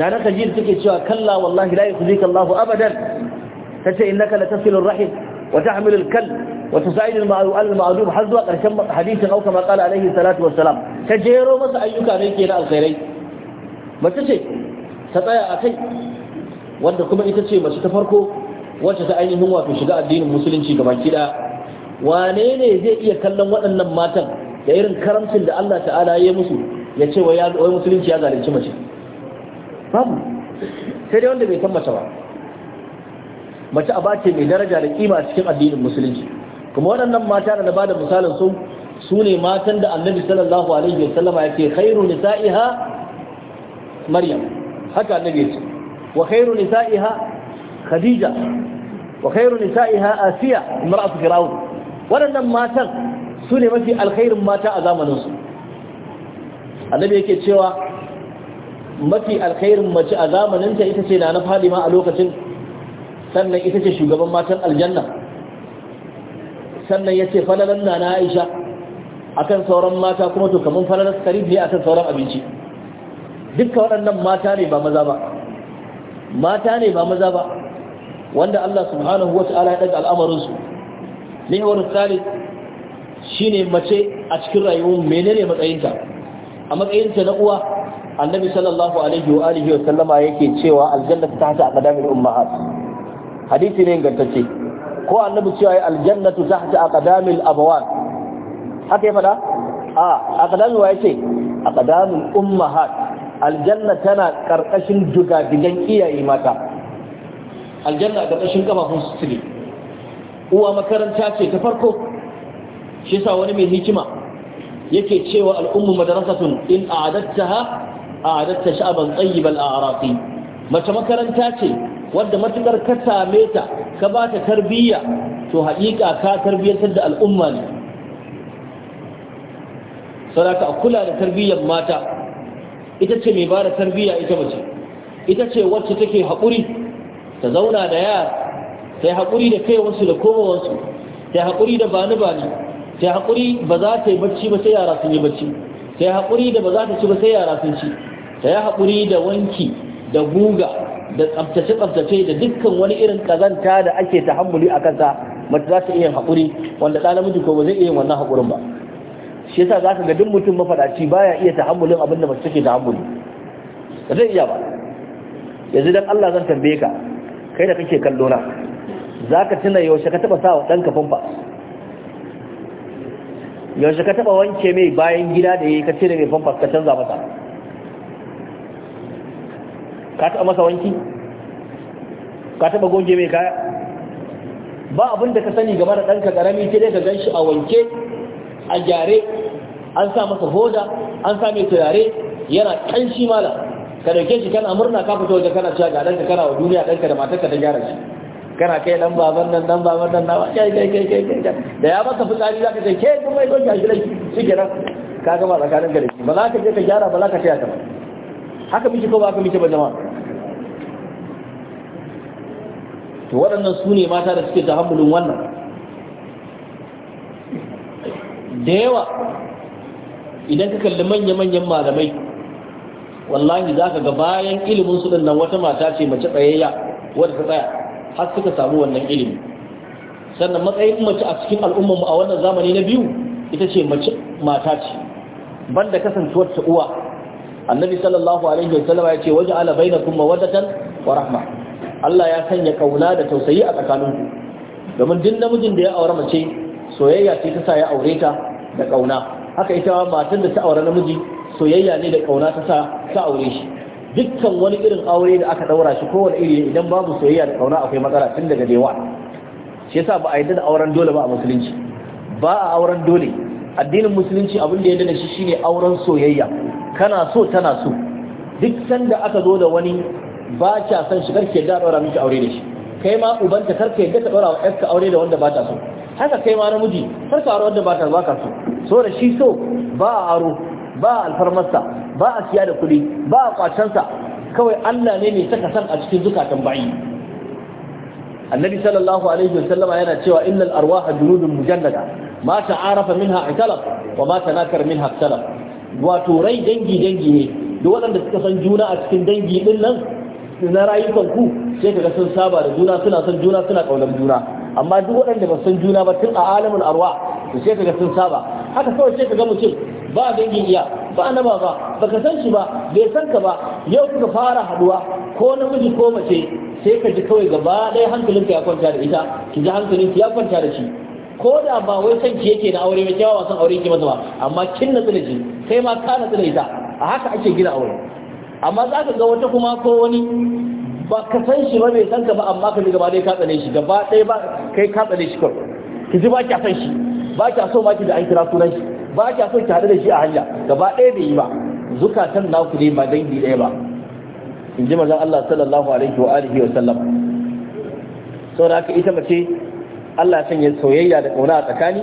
Speaker 1: da na take cewa kalla wallahi la yukhzika Allahu abadan tace innaka latasilur rahim wa tahmilul kal wa tusaidul ma'ruf ma'dum har zuwa karshen hadisin auka ma qala alaihi salatu wassalam ta jero masa ayyuka ne ke na alkhairai mace ce ta tsaya a kai wanda kuma ita ce mace ta farko wacce ta ainihin wato shiga addinin musulunci ga baki da wane ne zai iya kallon waɗannan matan da irin karamcin da Allah ta'ala ya musu ya ce wa musulunci ya zalunci mace babu sai dai wanda bai san mace ba mace a ce mai daraja da kima a cikin addinin musulunci kuma waɗannan mata da na ba da misalin su su ne matan da annabi sallallahu alaihi wasallama ya ce khairu nisa'iha maryam haka annabi ya ce wa khairu nisa'iha khadija wa khairu nisa'iha asiya imra'atu fir'aun waɗannan matan su ne mafi alkhairin mata a zamanin su annabi yake cewa mafi alkhairin mace a zamaninta ita ce na na fadima a lokacin sannan ita ce shugaban matan aljanna sannan ya ce falalan na na aisha akan sauran mata kuma to kamar falalan karib ne akan sauran abinci dukkan waɗannan mata ne ba maza ba mata ne ba maza ba wanda Allah subhanahu wa ta'ala ya daga al'amarinsu ne wani tsari shine mace a cikin rayuwar menene matsayinta a matsayinta na uwa annabi sallallahu alaihi wa alihi wa sallama yake cewa aljanna ta hata aqdamil ummahat hadisi ne ingantacce ko annabi cewa ya aljanna ta hata aqdamil abawan haka ya fada a aqdami wa yace aqdamil ummahat aljanna tana karkashin dugadugan iyaye mata aljanna karkashin kafafun su ne uwa makaranta ce ta farko shi sa wani mai hikima yake cewa al'ummu madrasatun in a'adattaha a a'adatta sha'aban tsayyibal a'rafi mace makaranta ce wadda matukar ka same ta ka ba ta tarbiyya to haƙiƙa ka tarbiyyantar da al'umma ne sadaka a kula da tarbiyyar mata ita ce mai ba da tarbiyya ita mace ita ce wacce take haƙuri ta zauna da yara ta yi haƙuri da kai wasu da komowarsu ta yi haƙuri da bani-bani ta yi haƙuri ba za ta yi bacci ba sai yara sun yi bacci ta yi haƙuri da ba za ta ci ba sai yara sun ci ta yi haƙuri da wanki da guga da tsabtace-tsabtace da dukkan wani irin ƙazanta da ake ta hambuli a kansa mace za ta iya haƙuri wanda ɗan namiji ko ba zai iya wannan haƙurin ba shi yasa za ka ga duk mutum mafaɗaci baya iya ta hambulin abin da mace take hambuli ba zai iya ba yanzu dan Allah zan tambaye ka kai da kake kallo na za ka tuna yaushe ka taɓa sa wa ɗanka fanfa yaushe ka taɓa wanke mai bayan gida da ya yi ka cire mai fanfa ka canza masa ka taɓa masa wanki ka taɓa goge mai kaya ba abin da ka sani game da ɗanka ƙarami ce dai ka gan shi a wanke a gyare an sa masa hoda an sa mai turare yana ƙanshi mala ka dauke shi kana murna ka fito waje kana cewa ga ɗanka kana wa duniya ɗanka da matarka ta gyara shi kana kai ɗan baban nan ɗan baban nan nawa kai kai kai kai da ya tsari fitsari ka ce ke kuma yau ga shirai shike nan ka gama tsakanin gare shi ba za ka je ka gyara ba za ka taya ka ba haka miki ko ba haka miki ba jama'a to waɗannan su ne mata da suke tahammulin wannan da yawa idan ka kalli manya-manyan malamai wallahi za ka ga bayan ilimin su ɗin nan wata mata ce mace tsayayya wadda ta tsaya har suka samu wannan ilimi sannan matsayin mace a cikin al'ummarmu a wannan zamani na biyu ita ce mace mata ce banda kasancewar ta uwa annabi sallallahu alaihi wasallam ya ce waje ala bainakum mawaddatan wa rahma Allah ya sanya kauna da tausayi a tsakaninku domin duk namijin da ya aure mace soyayya ce ta sa ya aure ta da kauna haka ita ma matan da ta aure namiji soyayya ne da kauna ta sa ta aure shi dukkan wani irin aure da aka daura shi kowane iri idan babu soyayya da kauna akwai matsala tun daga dewa shi yasa ba a yarda da auren dole ba a musulunci ba a auren dole addinin musulunci abin da ya dana shi shine auren soyayya kana so tana so duk sanda aka zo da wani ba ta san shi karke da ɗora miki aure da shi kai ma ubanta karke da ka ɗora wa ƴarka aure da wanda ba ta so haka kai ma namiji kar ka aure wanda ba ta ba ka so so da shi so ba a aro ba a alfarmarsa ba a siya da kuɗi ba a sa. kawai Allah ne mai saka san a cikin zukatan bayi annabi sallallahu alaihi wasallama yana cewa innal arwaha junudun mujannada ma ta'arafa minha italaf wa ma tanakar minha italaf wato rai dangi dangi ne duk waɗanda suka san juna a cikin dangi din nan na rayukan ku sai kaga sun saba da juna suna son juna suna kaunar juna amma duk waɗanda ba san juna ba tun a alamin arwa to sai kaga sun saba haka kawai sai kaga mutum ba dangin iya ba annaba ba baka san shi ba bai san ka ba yau kuka fara haduwa ko namiji ko mace sai ka ji kawai gaba ɗaya ka ya kwanta da ita ki ji hankalin ki ya kwanta da shi ko da ba wai san ki yake na aure mai kyawa ba san aure yake masa ba amma kin na da shi kai ma ka na da ita a haka ake gina aure amma za ka ga wata kuma ko wani ba ka san shi ba bai san ka ba amma ka ji gaba ɗaya ka tsane shi gaba ɗaya ba kai ka tsane shi kawai ki ji ba kya san shi ba kya so ma ki da an kira sunan shi ba kya so ki haɗu da shi a hanya gaba ɗaya bai yi ba zukatan naku ne ba dangi ɗaya ba in ji manzon Allah sallallahu alaihi wa alihi wa sallam saboda haka ita mace Allah ya sanya soyayya da ƙauna a tsakani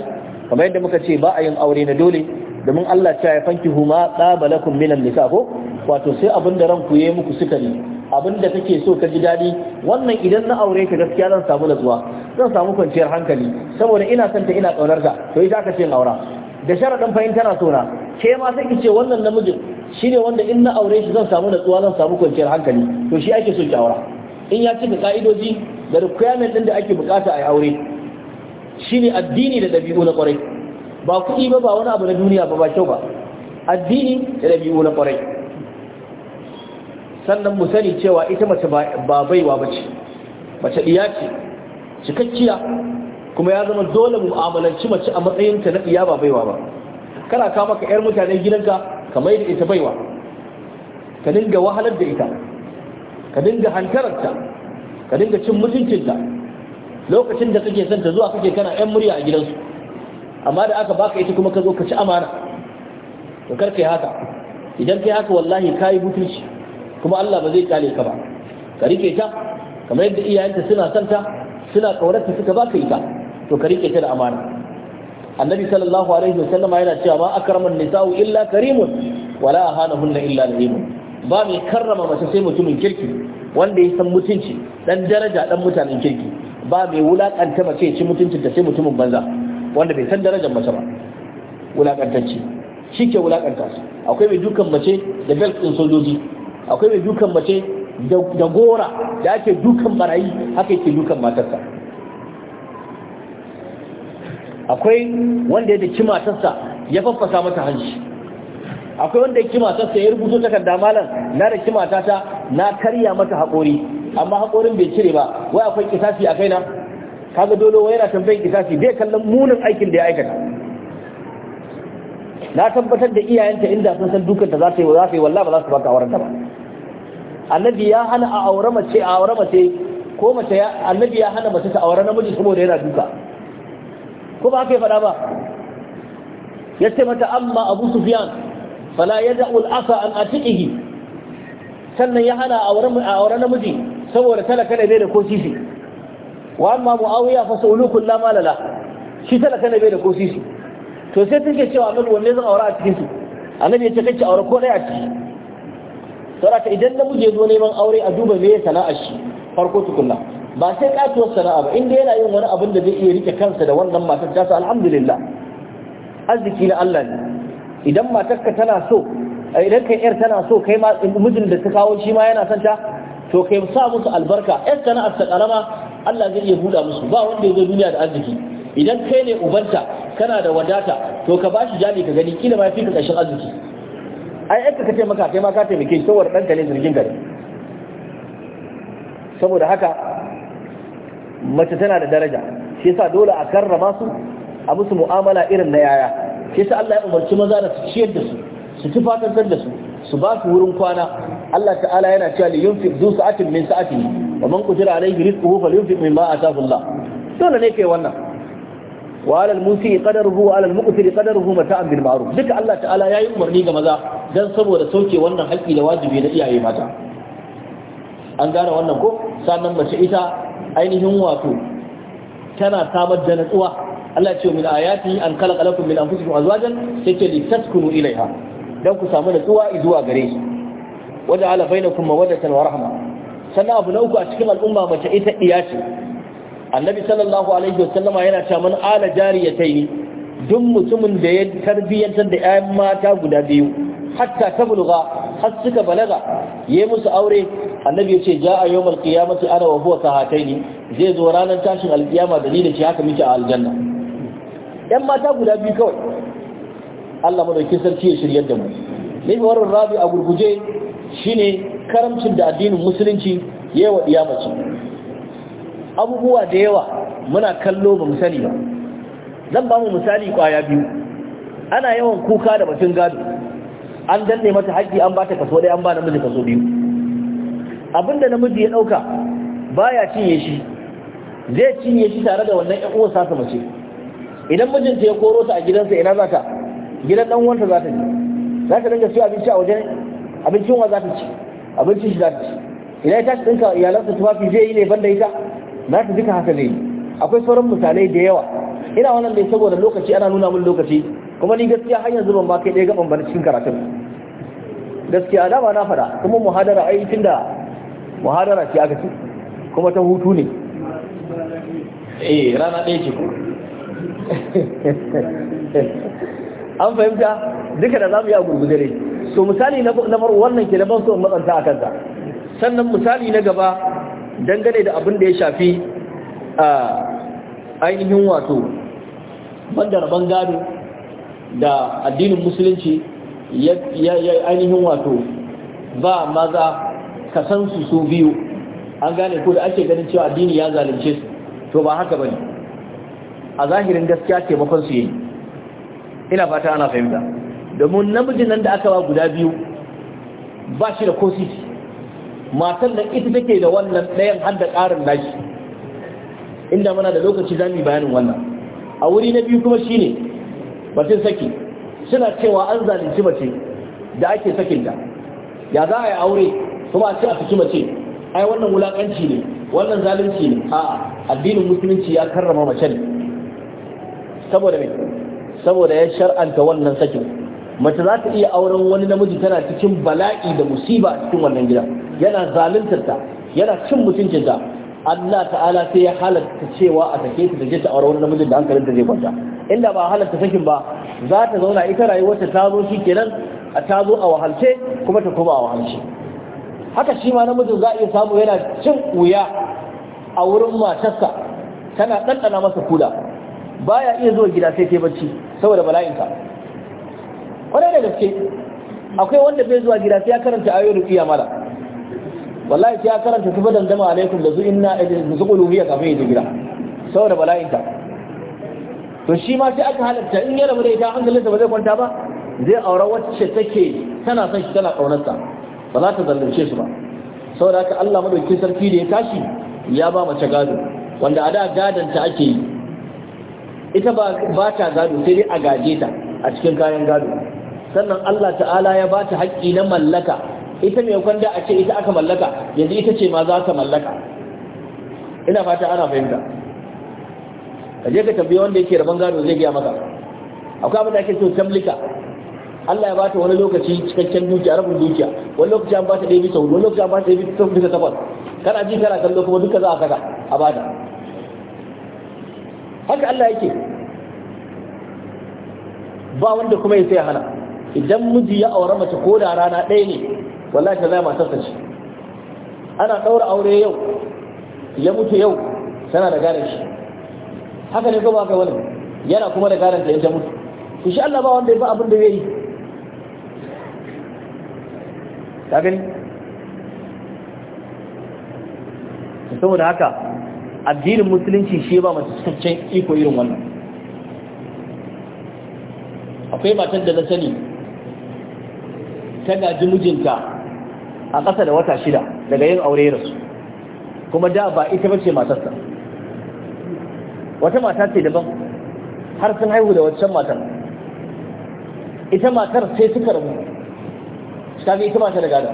Speaker 1: kamar yadda muka ce ba a yin aure na dole domin Allah ta ya fanki huma tsaba minan nisa ko wato sai abin da ranku yi muku sukari abin da kake so ka ji dadi wannan idan na aure ka gaskiya zan samu natsuwa zan samu kwanciyar hankali saboda ina son ta ina kaunar ta to ita ka ce aura da sharadin fahimta tana so na ke ma sai ki ce wannan namijin shine wanda in na aure shi zan samu natsuwa zan samu kwanciyar hankali to shi ake so ki aura in ya cika ka'idoji da requirement din da ake bukata a aure shine addini da dabi'u na kwarai ba kuɗi ba ba wani abu na duniya ba ba kyau ba addini da ɗabi'u na kwarai sannan mu sani cewa ita mace ba baiwa ba ce mace ɗiya ce cikakkiya kuma ya zama dole mu amalanci mace a matsayinta na iya ba baiwa ba kana ka maka 'yar mutane gidanka ka mai da ita baiwa ka dinga wahalar da ita ka dinga hantararta ka dinga cin mutuncinta lokacin da kake son ta zuwa kake kana 'yan murya a gidansu amma da aka baka ita kuma ka zo ka ci amana to kar kai haka idan kai haka wallahi yi mutunci kuma Allah ba zai kyale ka ba ka rike ta kamar yadda iyayenta suna son ta suna kaurarta suka ba ka ita to ka rike ta da amana annabi sallallahu alaihi wasallama yana cewa ma akraman nisa'u illa karimun wala ahanahunna illa Karimun. ba mai karrama mace sai mutumin kirki wanda ya san mutunci dan daraja dan mutanen kirki ba mai wulakanta mace ya ci mutuncin ta sai mutumin banza wanda bai san darajar mace ba wulakantacce shi ke wulakanta su akwai mai dukan mace da belt din sojoji akwai mai dukan mace da gora da ake dukan barayi haka yake dukan matarsa akwai wanda ya daki matarsa ya faffasa mata hanci akwai wanda ya matarsa ya rubuto takarda malam na da ki matata na karya mata haƙori amma haƙorin bai cire ba wai akwai kisafi a kaina kaga dole wai yana tambayin kisafi bai kallon munin aikin da ya aikata na tabbatar da iyayenta inda sun san dukanta za ta yi za ta ba za su baka ba annabi ya hana a aure mace a aure mace ko mace annabi ya hana mace ta aure namiji saboda yana duka ko ba kai fada faɗa ba ya ce mata amma abu sufyan fala ya al asa an atiqihi sannan ya hana a aure namiji saboda talaka ne bai da ko sisi wa amma muawiya fa saulukun la malala shi talaka ne bai da ko sisi to sai take cewa annabi wanne zan aure a cikin su annabi ya ce kace aure ko dai a cikin saboda idan namiji ya zo neman aure a duba me sana'ar shi farko tukunna ba sai katuwar sana'a ba inda yana yin wani abin da zai iya rike kansa da wannan matar tasa alhamdulillah arziki na Allah ne idan matarka tana so idan kai yar tana so kai ma mijin da ta kawo shi ma yana son ta to kai sa musu albarka yar sana'ar ta karama Allah zai iya buɗa musu ba wanda ya zo duniya da arziki idan kai ne ubanta kana da wadata to ka bashi jali ka gani kila ma fi ka ƙarshen arziki ai aka ka taimaka kai ma ka taimake shi saboda ɗanka ne zargin gari saboda haka mace tana da daraja shi yasa dole a karrama su a musu mu'amala irin na yaya shi yasa Allah ya umarci maza da su ciyar da su su ci tufatantar da su su ba su wurin kwana Allah ta'ala yana cewa li yunfiq zu sa'atin min sa'atihi wa man qudira alayhi rizquhu falyunfiq mimma ataahu Allah dole ne kai wannan wa alal musi qadaruhu wa alal muqtir qadaruhu mata'an bil ma'ruf duka Allah ta'ala yayi umarni ga maza dan saboda sauke wannan haƙƙi da wajibi na iyaye mata an gane wannan ko sannan mace ita ainihin wato tana samar da natsuwa Allah ce min ayati an khalaqa lakum min anfusikum azwajan yake li taskunu ilaiha dan ku samu natsuwa zuwa gare shi waja'ala bainakum mawaddatan wa rahma sannan abu na uku a cikin al'umma mace ita iya ce annabi sallallahu alaihi wasallama yana cewa man ala jariyataini duk mutumin da ya tarbiyyantar da 'ya'yan mata guda biyu hatta ta har suka balaga yayi musu aure annabi ya ce ja'a yawmal qiyamati ana wa huwa sahataini zai zo ranar tashin alkiyama da ni da shi haka muke a aljanna Yan mata guda biyu kawai Allah madauki sarki ya shiryar da mu laifin rabi a gurguje shine karamcin da addinin musulunci yayi wa iyamaci abubuwa da yawa muna kallo ba misali ba zan ba mu misali kwaya biyu ana yawan kuka da batun gado an danne mata haƙƙi an ba ta kaso ɗaya an ba namiji kaso biyu abinda namiji ya ɗauka baya cinye shi zai cinye shi tare da wannan ƴan uwarsa ta mace idan mijinta ya koro ta a gidansa ina za ta gidan ɗan uwanta za ta ci za ta dinga siyo abinci a wajen abincin wa za ta ci abincin shi za ta ci idan ya tashi ɗinka iyalansa tufafi zai yi ne ban da ita za ka duka haka ne akwai sauran misalai da yawa ina wannan ne saboda lokaci ana nuna min lokaci kuma ni gaskiya har yanzu ban ba kai ɗaya gaban bana cikin karatun gaskiya da ba na faɗa kuma muhadara ai tunda muhadara ce aka ce kuma ta hutu ne eh rana ɗaya ce ko an fahimta duka da za mu yi a gurgudare so misali na farko wannan ke da ban so in matsanta a kansa sannan misali na gaba dangane da abin da ya shafi a ainihin wato bandarban gado da addinin musulunci ya ainihin wato ba maza kasansu su biyu an gane ko da ake ganin cewa addini ya zalunce su to ba haka bane a zahirin gaskiya taimakon su yi ina fata ana fahimta domin namijin nan da aka ba guda biyu ba shi da kositi matan da ita take da wannan ɗayan har da ƙarin nashi inda muna da lokaci za mu bayanin wannan a wuri na biyu kuma shine batun saki suna cewa an zalunci mace da ake sakinta ya za a yi aure kuma a ce a saki mace ai wannan wulakanci ne wannan zalunci ne a addinin musulunci ya karrama mace ne saboda mai, saboda ya shar'anta wannan sakin mace za ta iya auren wani namiji tana cikin bala'i da musiba a cikin wannan gida yana ta, yana cin mutuncin ta. Allah ta'ala sai ya halatta cewa a take ta je ta aure wani namijin da hankalin ta zai kwanta inda ba halatta sakin ba za ta zauna ita rayuwarta ta zo kenan a ta zo a wahalce kuma ta koma a wahalce haka shi ma namijin za a iya samu yana cin wuya a wurin matarsa tana ɗanɗana masa kula baya iya zuwa gida sai yi bacci saboda bala'inka kwarai da gaske akwai wanda bai zuwa gida sai ya karanta ayoyin rukiya mala wallahi sai ya karanta tuba dama alaikum da zu inna da zu quluhiyya kafin ya jira saboda bala'inta to shi ma sai aka halatta in ya rabu da ita hankalinsa ba zai kwanta ba zai aura wacce take tana son shi tana ƙaunarsa. ba za ta zalunce su ba saboda haka Allah madaukakin sarki da ya tashi ya ba mace gado wanda a da gadanta ake yi ita bata ba ta gado sai dai a gaje ta a cikin kayan gado sannan Allah ta'ala ya ba ta haƙƙi na mallaka ita mai kwanda a ce ita aka mallaka yanzu ita ce ma za ka mallaka ina fata ana fahimta ka je ka tambaye wanda yake rabon gado zai gaya maka akwai abin da ake so tamlika Allah ya ba ta wani lokaci cikakken dukiya rabin dukiya wani lokaci an ba ta ɗaya bisa wani lokaci an ba ta ɗaya bisa bisa takwas kana ji kana kallo kuma duka za a saka a ta haka Allah yake ba wanda kuma ya sai hana idan miji ya aure mace ko da rana ɗaya ne wallahi ta zai matarsa ce ana ɗaura aure yau ya mutu yau tana da garin shi haka ne gaba ga wani yana kuma da garin ta ya mutu insha Allah ba wanda ya ba abin da ya yi ta gani saboda haka addinin musulunci shi ba mace cikakken iko irin wannan akwai matan da na sani ta gaji mijinta a ƙasa da wata shida daga yin aure su, kuma da ba ita bace matarsa wata mata ce daban har sun haihu da waccan matar ita matar sai suka rabu ta ga ita mata da gado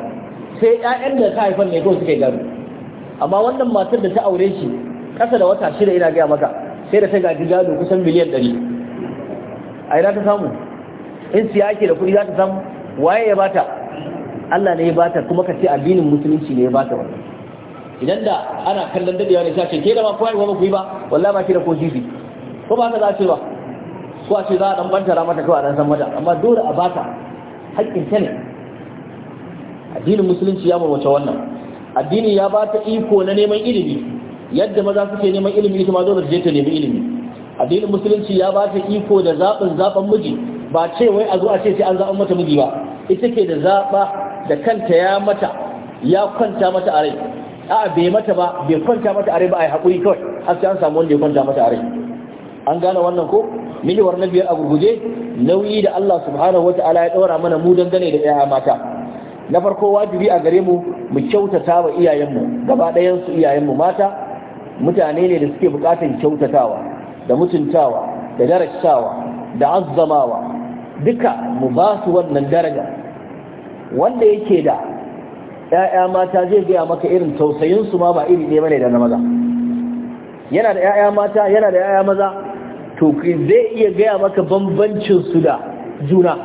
Speaker 1: sai ƴaƴan da ta haifar ne kawai suka yi gado amma wannan matar da ta aure shi ƙasa da wata shida ina gaya maka sai da ta gaji gado kusan miliyan ɗari a ina ta samu in siya ake da kuɗi za ta samu waye ya bata Allah ne ya bata kuma ka ce addinin musulunci ne ya bata wannan idan da ana kallon dadewa ne sai ke da ba kuwa ba ku yi ba wallahi ba ki da ko jibi ko ba ka za ce ba ko a ce za a dan bantara mata kawai dan san mata amma dole a bata haƙƙin ta ne addinin musulunci ya murmuce wannan addini ya bata iko na neman ilimi yadda maza suke neman ilimi ita ma dole su je ta nemi ilimi addinin musulunci ya bata iko da zaɓin zaɓen miji ba ce wai a zo a ce sai an zaɓen mata miji ba ita ke da zaɓa da kanta ya mata ya kwanta mata a rai a bai mata ba bai kwanta mata a rai ba a yi haƙuri kawai har sai an samu wanda ya kwanta mata a rai an gane wannan ko miliwar na biyar a gurguje nauyi da Allah subhanahu wata'ala ya ɗora mana mu dangane da ɗaya mata na farko wajibi a gare mu mu kyautata wa iyayenmu gaba ɗayan su iyayenmu mata mutane ne da suke buƙatar kyautatawa da mutuntawa da darasawa da azzamawa duka mu ba su wannan daraja wanda yake da ‘ya'ya mata zai gaya maka irin tausayinsu ma ba iri ɗaya bane da na maza yana da ‘ya'ya mata yana da ‘ya'ya maza to zai iya gaya maka bambancinsu da juna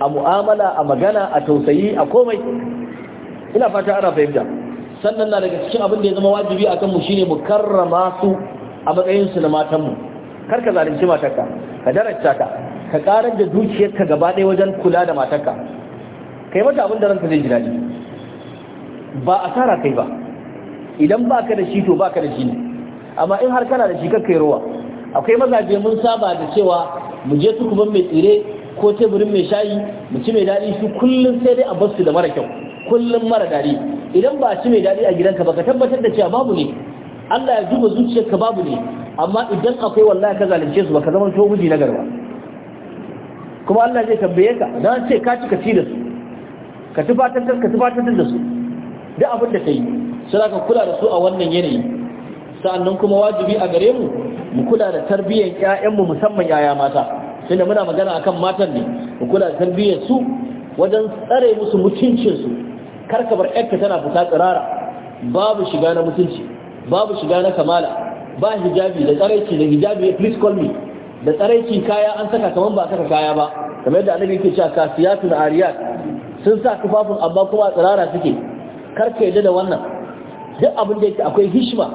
Speaker 1: a mu'amala a magana a tausayi a komai ina fata ana fahimta sannan na daga cikin abin da ya zama wajibi a kanmu shine mu karrama su a matsayinsu na matanmu kar ka zalunci matarka ka darajta ka ka ƙarar da zuciyarka gaba ɗaya wajen kula da matarka kai mata abin da ranta zai ji daɗi ba asara kai ba idan ba ka da shi to ba ka da shi ne amma in har kana da shi yi ruwa akwai mazaje mun saba da cewa mu je su kuma mai tsire ko teburin mai shayi mu ci mai daɗi su kullum sai dai a basu da mara kyau kullum mara daɗi idan ba a ci mai daɗi a gidanka ba ka tabbatar da cewa babu ne Allah ya duba zuciyarka babu ne amma idan akwai wallahi ka zalunce su ba ka zama to na garba kuma Allah zai tambaye ka dan ce ka cika ci da su ka tufatar ka tufatar da su duk abin da kai sai ka kula da su a wannan yanayi sa'annan kuma wajibi a gare mu mu kula da tarbiyyar ƴaƴanmu musamman yaya mata da muna magana akan matan ne mu kula da tarbiyyar su wajen tsare musu mutuncin su karka bar ƴarka tana fita tsirara babu shiga na mutunci babu shiga na kamala ba hijabi da tsaraici da hijabi please call me da tsaraici kaya an saka kaman ba saka kaya ba kamar yadda annabi yake cewa kasiyatun ariyat sun sa tufafin amma kuma tsirara suke karka yadda da wannan duk abin da yake akwai hishma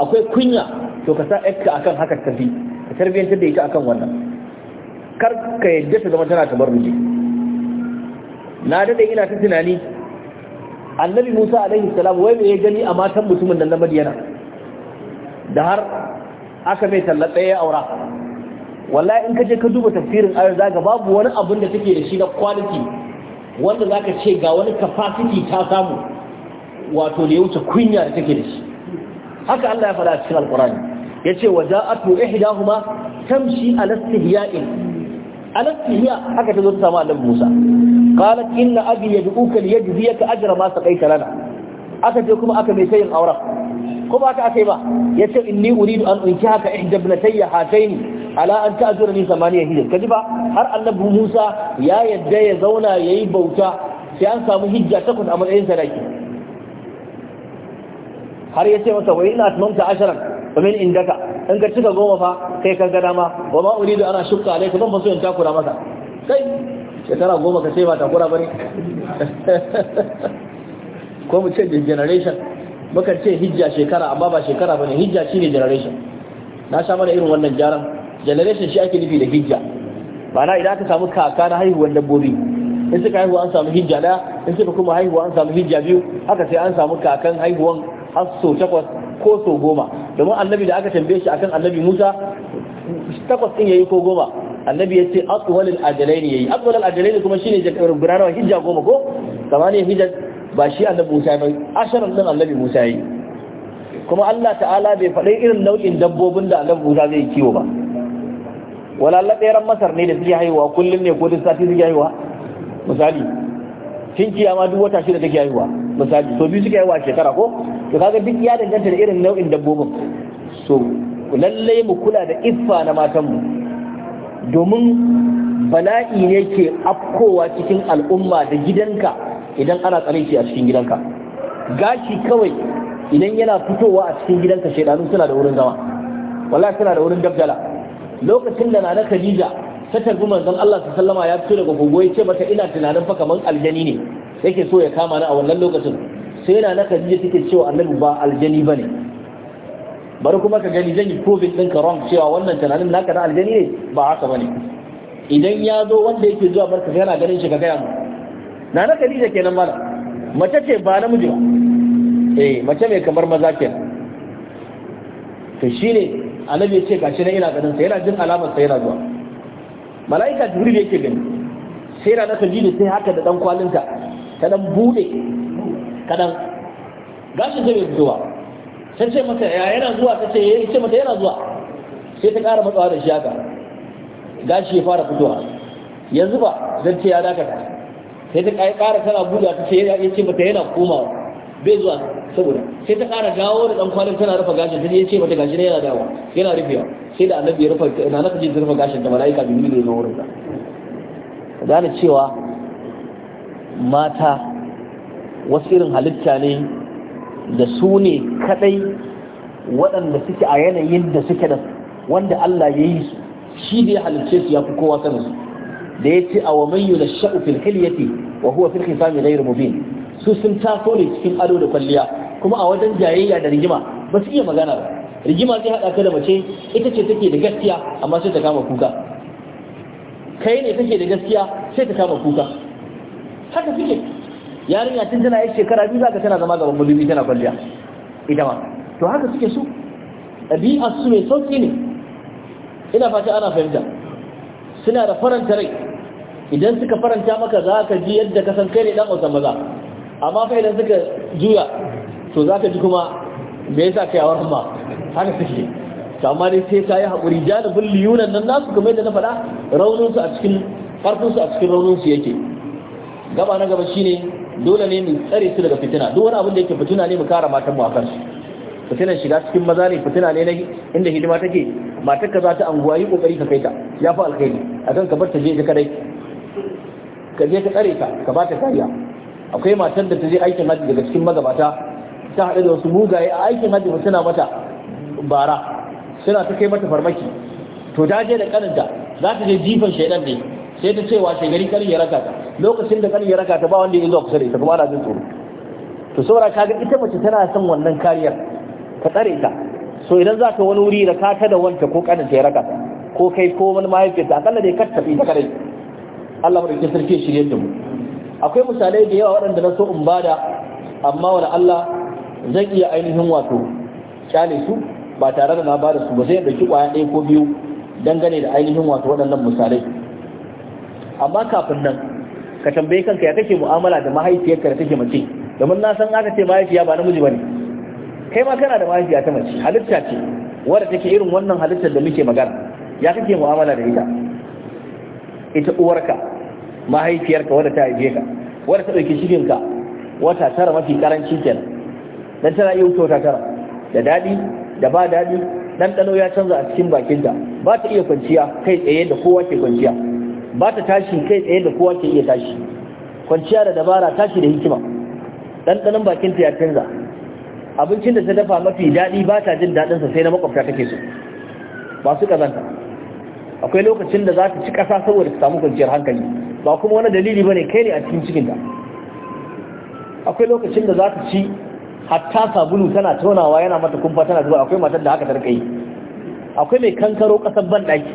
Speaker 1: akwai kunya to ka sa ka akan haka tafi ka tarbiyyantar da ita akan wannan karka yadda ta zama tana tabarruji na dade ina ta tunani annabi Musa alaihi salam wai mai ya gani a matan mutumin nan na Madiyana da har aka mai tallata ya aura wallahi in ka je ka duba tafsirin ayar zaga babu wani abin da take da shi na kwaliti. wanda za ka ce ga wani capacity ta samu wato da ya wuce kunya da take da shi haka Allah ya faɗa cikin alkurani ya ce wa ja'atu ihdahuma tamshi ala istihya'in ala istihya haka ta zo ta samu annabi Musa qalat inna abi yad'uka liyajziyaka ajra ma saqaita lana aka je kuma aka mai sayin aura Ko ba ka yi ba yace inni uridu an unkihaka ihda ibnatayya hataini ala an ta'zura ni samaniya hijja kaji ba har annabi Musa ya yadda ya zauna yayi bauta sai an samu hijja takwas a matsayin sadaki har ya ce masa wa ina atmamta asharan wa min indaka in ka cika goma fa kai ka gada ma wa ma uridu ana shukka alayka ban faso in takura maka Ya tara goma ka ce ba takura bane ko mu ce generation mukan ce hijja shekara amma ba shekara bane hijja shine generation na sha mana irin wannan jaran generation shi ake nufi da hijja ma'ana idan aka samu kaka na haihuwar dabbobi in suka haihuwa an samu hijja daya in suka kuma haihuwa an samu hijja biyu haka sai an samu kakan haihuwan har so takwas ko so goma domin annabi da aka tambaye shi akan annabi musa takwas din yayi ko goma annabi ya ce atwalil ajalaini yayi atwalil ajalaini kuma shine buranawa hijja goma ko kamani hijja ba shi annabi musa ba asharan din annabi musa yayi kuma Allah ta'ala bai faɗi irin nau'in dabbobin da annabi musa zai kiwo ba wala ɗayan masar ne da suke haihuwa kullum ne ko duk sati suke haihuwa misali cin-cin kiyama duk wata shida take haihuwa misali so biyu suke haihuwa a shekara ko to kaga duk ya danganta da irin nau'in dabbobin so lallai mu kula da iffa na matanmu domin bala'i ne ke afkowa cikin al'umma da gidanka idan ana tsare shi a cikin gidanka gashi kawai idan yana fitowa a cikin gidanka shaidanu suna da wurin zama wallahi suna da wurin dabdala lokacin da na na Khadija ta tarbi manzon Allah sallama ya fito daga gogo ya ce mata ina tunanin fa kaman aljani ne yake so ya kama ni a wannan lokacin sai na na Khadija take cewa annabi ba aljani bane bari kuma ka gani zan yi proving ɗinka wrong cewa wannan tunanin naka na aljani ne ba haka bane idan ya zo wanda yake zuwa barka yana ganin shi ka gaya mu na na Khadija kenan mana mace ce ba namiji ba eh mace mai kamar maza kenan to shine annabi ya ce gashi na ina ganin sa yana jin alamar sa yana zuwa mala'ika jibril yake gani sai rana ta jini sai haka da dan kwalinta ta dan bude dan gashi zai zuwa sai ce mata ya yana zuwa ta ce eh, ya ce mata yana zuwa sai ta kara matsawa da shi haka gashi ya fara fitowa yanzu ba zan ce ya dakata sai ta kara tana buga ta ce ya ce mata yana komawa bai zuwa saboda sai ta ƙara dawo da ɗan kwanan tana rufe gashin ta ne ce mata gashi ne yana dawo yana rufewa sai da annabi ya rufe na naka jin rufe gashin da mala'ika bibi ne zo wurin ka gane cewa mata wasu irin halitta ne da su ne kadai waɗanda suke a yanayin da suke da wanda Allah ya yi su shi da ya halicce su ya fi kowa sanin su da ya ce a wa man yunashsha'u fil hilyati wa huwa fil khisami ghayr mubin su sun taso ne cikin ado da kwalliya kuma a wajen jayayya da rigima ba su iya magana ba rigima zai haɗa ka da mace ita ce take da gaskiya amma sai ta kama kuka kai ne take da gaskiya sai ta kama kuka haka suke yarinya tun tana yin shekara biyu zaka tana zama gaban madubi tana kwalliya ita ma to haka suke su ɗabi'a su mai sauƙi ne ina fata ana fahimta suna da faranta rai idan suka faranta maka za ka ji yadda ka san kai ne dan wasan maza amma fa idan suka juya to za ka ji kuma me yasa kai awar ma haka suke to amma dai sai ka yi haƙuri janibin liyunan nan nasu kamar yadda na faɗa rauninsu a cikin ƙarfinsu a cikin rauninsu yake gaba na gaba shine dole ne mu tsare su daga fitina duk wani abin da yake fitina ne mu kare matan mu akan fitinan shiga cikin maza ne fitina ne na inda hidima take matar ka za ta anguwayi yi kokari ka kai ta ya fa alkhairi akan ka bar ta je ka kadai ka je ka tsare ta ka ba ta kariya akwai matar da ta je aikin hajji daga cikin magabata ta haɗu da wasu mugaye a aikin hajji suna mata bara suna ta kai mata farmaki to ta je da kaninta za ta je jifan shaidan ne sai ta cewa shaidari kanin ya raka ta lokacin da kanin ya raka ta ba wanda ya zuwa kusa da ita kuma ana jin tsoro to saboda kaga ita mace tana son wannan kariyar ka tsare ta so idan za ta wani wuri da ka ta da wanta ko kanin ya raka ta ko kai ko wani mahaifiyarta akalla dai kar tafi ta kare Allah mai sarki shirye da mu akwai misalai da yawa waɗanda na so in bada amma wani Allah zan iya ainihin wato kyale su ba tare da na bada su ba sai ɗauki ƙwaya ɗaya ko biyu dangane da ainihin wato waɗannan misalai amma kafin nan ka tambayi kanka ya kake mu'amala da mahaifiyarka da take mace domin na san aka ce mahaifiya ba namiji bane kai ma kana da mahaifiya ta mace halitta ce wadda take irin wannan halittar da muke magana ya kake mu'amala da ita ita uwarka mahaifiyarka wadda ta haife ka wadda ta ɗauki cikinka wata tara mafi karanci kenan dan tana iya wuce wata tara da daɗi da ba daɗi ɗanɗano ya canza a cikin bakinta ba ta iya kwanciya kai tsaye da kowa ke kwanciya ba ta tashi kai tsaye da kowa ke iya tashi kwanciya da dabara tashi da hikima ɗanɗanon bakinta ya canza abincin da ta dafa mafi daɗi ba ta jin daɗinsa sai na makwabta kake so su ƙazanta akwai lokacin da za ta ci ƙasa saboda ta samu kwanciyar hankali ba kuma wani dalili ba kai ne a cikin cikinta akwai lokacin da za ta ci hatta sabulu tana tonawa yana mata kumfa tana zuwa akwai matar da haka ta rika yi akwai mai kankaro ƙasar banɗaki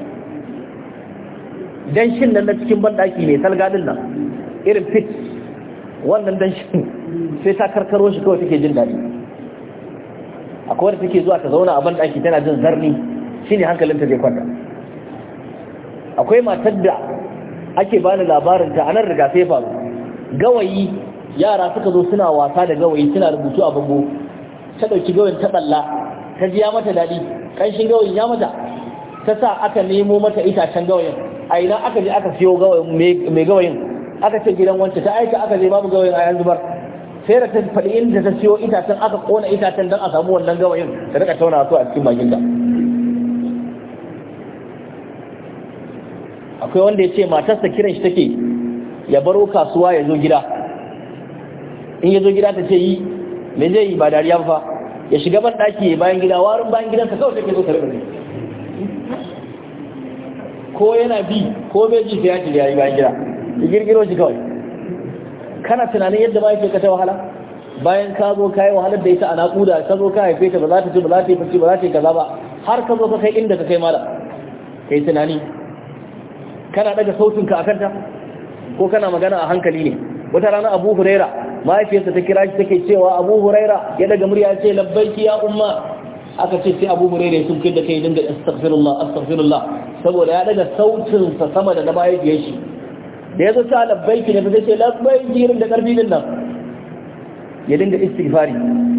Speaker 1: danshin nan na cikin banɗaki mai salgadin nan irin fit wannan danshin sai ta karkaro shi kawai take jin daɗi akwai wadda take zuwa ta zauna a banɗaki tana jin zarni shine hankalinta zai kwanta akwai matar da ake bani labarin ta anan riga sai faru gawayi yara suka zo suna wasa da gawayi suna rubutu a bango ta dauki gawayin ta balla ta ji ya mata dadi kanshin gawayin ya mata ta sa aka nemo mata itacen gawayin a ina aka je aka siyo gawayin mai gawayin aka ce gidan wancan ta aika aka je babu gawayin a yanzu bar sai da ta faɗi inda ta siyo itacen aka kona itacen don a samu wannan gawayin ta rika tauna su a cikin bakin akwai wanda ya ce matarsa kiran shi take ya baro kasuwa ya zo gida in ya zo gida ta ce yi me zai yi ba dariya ba ya shiga ban daki bayan gida warin bayan gidansa kawai take zo karɓar ne ko yana bi ko bai ji sai ya ci yayi bayan gida ya girgiro shi kawai kana tunanin yadda ma yake ta wahala bayan ka zo kai wahalar da ita a naƙuda ka zo ka haife ta ba za ta ci ba za ta yi ba za ta yi kaza ba har ka zo ka kai inda ka kai mala kai tunani kana daga sautinka a kanta? ko kana magana a hankali ne wata rana Abu Huraira mahaifiyarsa ta kira shi take cewa Abu Huraira ya daga murya ya ce labbaiki ya umma aka ce sai Abu Huraira sun sunkin da kai dinga astaghfirullah astaghfirullah saboda ya daga sautin sa sama da na mahaifiyar shi da yazo ta labbaiki ne ta ce labbaiki irin da karfi din nan ya dinga istighfari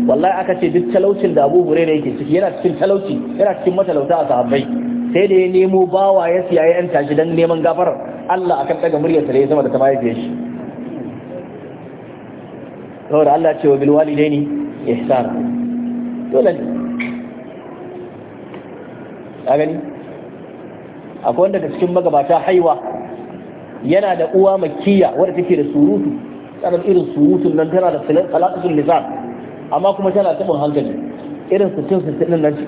Speaker 1: wallahi aka ce duk talaucin da Abu Huraira yake ciki yana cikin talauci yana cikin matalauta a sahabbai sai da ya nemo bawa ya siya ya yanta shi don neman gafarar Allah a kan daga muryarsa da ya sama da ta mahaifiyar shi saboda Allah ce wa bilwali ne ya ihsan dole ne a gani akwai wanda daga cikin magabata haiwa yana da uwa makiya wadda take da surutu tsarar irin surutun nan tana da salatun lisan amma kuma tana tabin hankali irin sittin sittin nan ce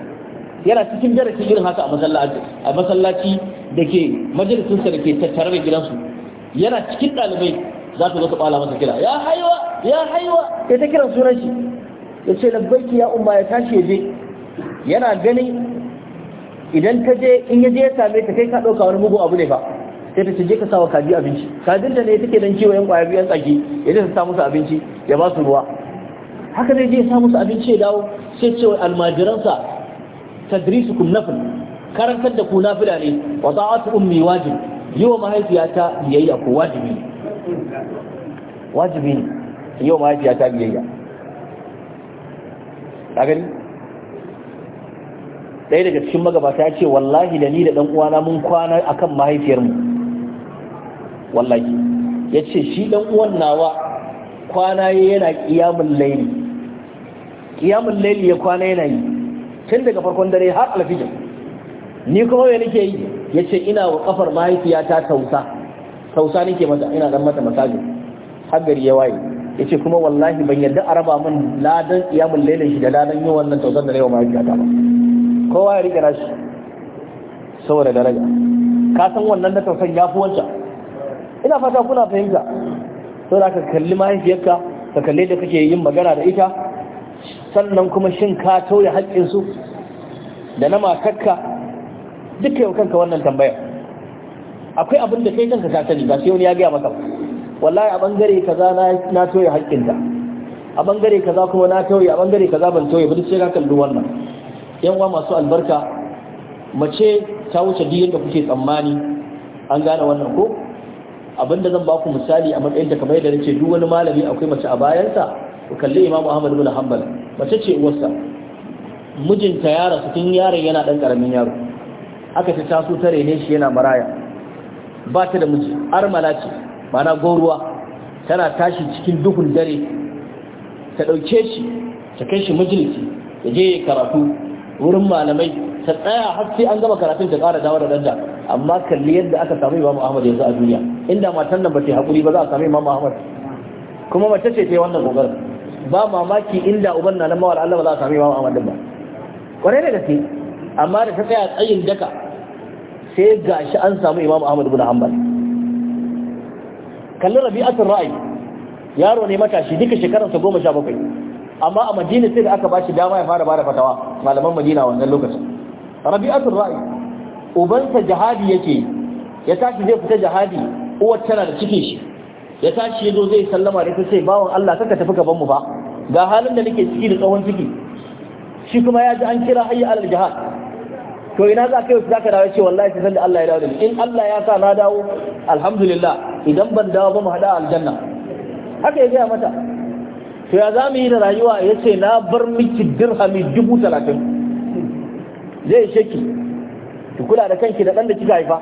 Speaker 1: yana cikin darasi irin haka a masallaci a da ke majalisinsa da ke tattare da gidansu yana cikin ɗalibai za su zo su bala masa kira ya haiwa ya haiwa ya ta kiran sunan shi ya ce labbaiki ya umma ya tashi ya je yana gani idan ka je in ya je ya same ta kai ka ɗauka wani mugun abu ne ba. sai ta je ka sawa kaji abinci kajin da ne take dan kiwo yan kwaya, biyan tsaki ya je ta sa musu abinci ya ba su ruwa haka zai je ya sa musu abinci ya dawo sai ce wa almajiransa tadrisukum nafil karantar da ku nafila ne wa ta'atu ummi wajib yi wa mahaifiyata biyayya ko wajibi ne wajibi yiwa yi wa mahaifiyata biyayya ta gani ɗaya daga cikin magabata ya ce wallahi da ni da dan uwana mun kwana akan mahaifiyarmu wallahi ya ce shi dan uwan nawa kwana yana kiyamul laili kiyamul laili ya kwana yana yi tun daga farkon dare har alfijir ni kuma wani nake yi Ya ce ina wa kafar ta tausa tausa nake mata ina dan mata masajin har ya waye Ya ce kuma wallahi ban yadda a raba min ladan iyamun lailin shi da ladan yin wannan tausar da rewa mahaifiyata ba kowa ya rike nashi saboda daraja ka san wannan na tausan ya fi wancan ina fata kuna fahimta saboda ka kalli mahaifiyarka ka kalli da kake yin magana da ita sannan kuma shin ka tauye haƙƙinsu da na matakka duka yau kanka wannan tambayar akwai abin da kai kanka ta sani ba sai wani ya gaya maka wallahi a bangare kaza na tauye haƙƙinta a bangare kaza kuma na tauye a bangare kaza ban tauye ba duk sai ka kallu wannan yan uwa masu albarka mace ta wuce duk da kuke tsammani an gane wannan ko abinda zan ba ku misali a matsayin da kamar yadda nake duk wani malami akwai mace a bayansa ku kalli imam ahmad ibn hanbal mace ce uwarsa mijinta ya rasu tun yaron yana dan karamin yaro aka ta taso ta rene shi yana maraya ba ta da miji armala ce mana goruwa tana tashi cikin duhun dare ta dauke shi ta kai shi majalisi ya je karatu wurin malamai ta tsaya har sai an gama karatun ta kara dawo da danta amma kalli yadda aka samu Imam Ahmad yanzu a duniya inda matan nan ba ta hakuri ba za a samu Imam Ahmad kuma mace ce ta yi wannan kokarin ba mamaki inda uban na nan mawar Allah ba za a sami imamu Ahmad ba kwarai da gaske amma da ta tsaya tsayin daka sai shi an samu imamu Ahmad ibn Hanbal kallon rabi'atul ra'ayi yaro ne matashi duka shekararsa goma sha bakwai amma a madina sai da aka bashi dama ya fara bada fatawa malaman madina wannan lokacin rabi'atul ra'ayi ubansa jihadi yake ya tashi zai fita jihadi uwar tana da cikin shi ya tashi ya zo zai sallama da ita sai bawan Allah kaka tafi gaban mu ba ga halin da nake ciki da tsawon ciki shi kuma ya ji an kira hayya alal jihad to ina za ka yi za ka dawo ce wallahi sai sanda Allah ya dawo da in Allah ya sa na dawo alhamdulillah idan ban dawo ba mu hada aljanna haka ya gaya mata to ya za mu yi da rayuwa ya ce na bar miki dirhami dubu talatin zai sheki ki kula da kanki da ɗan da kika haifa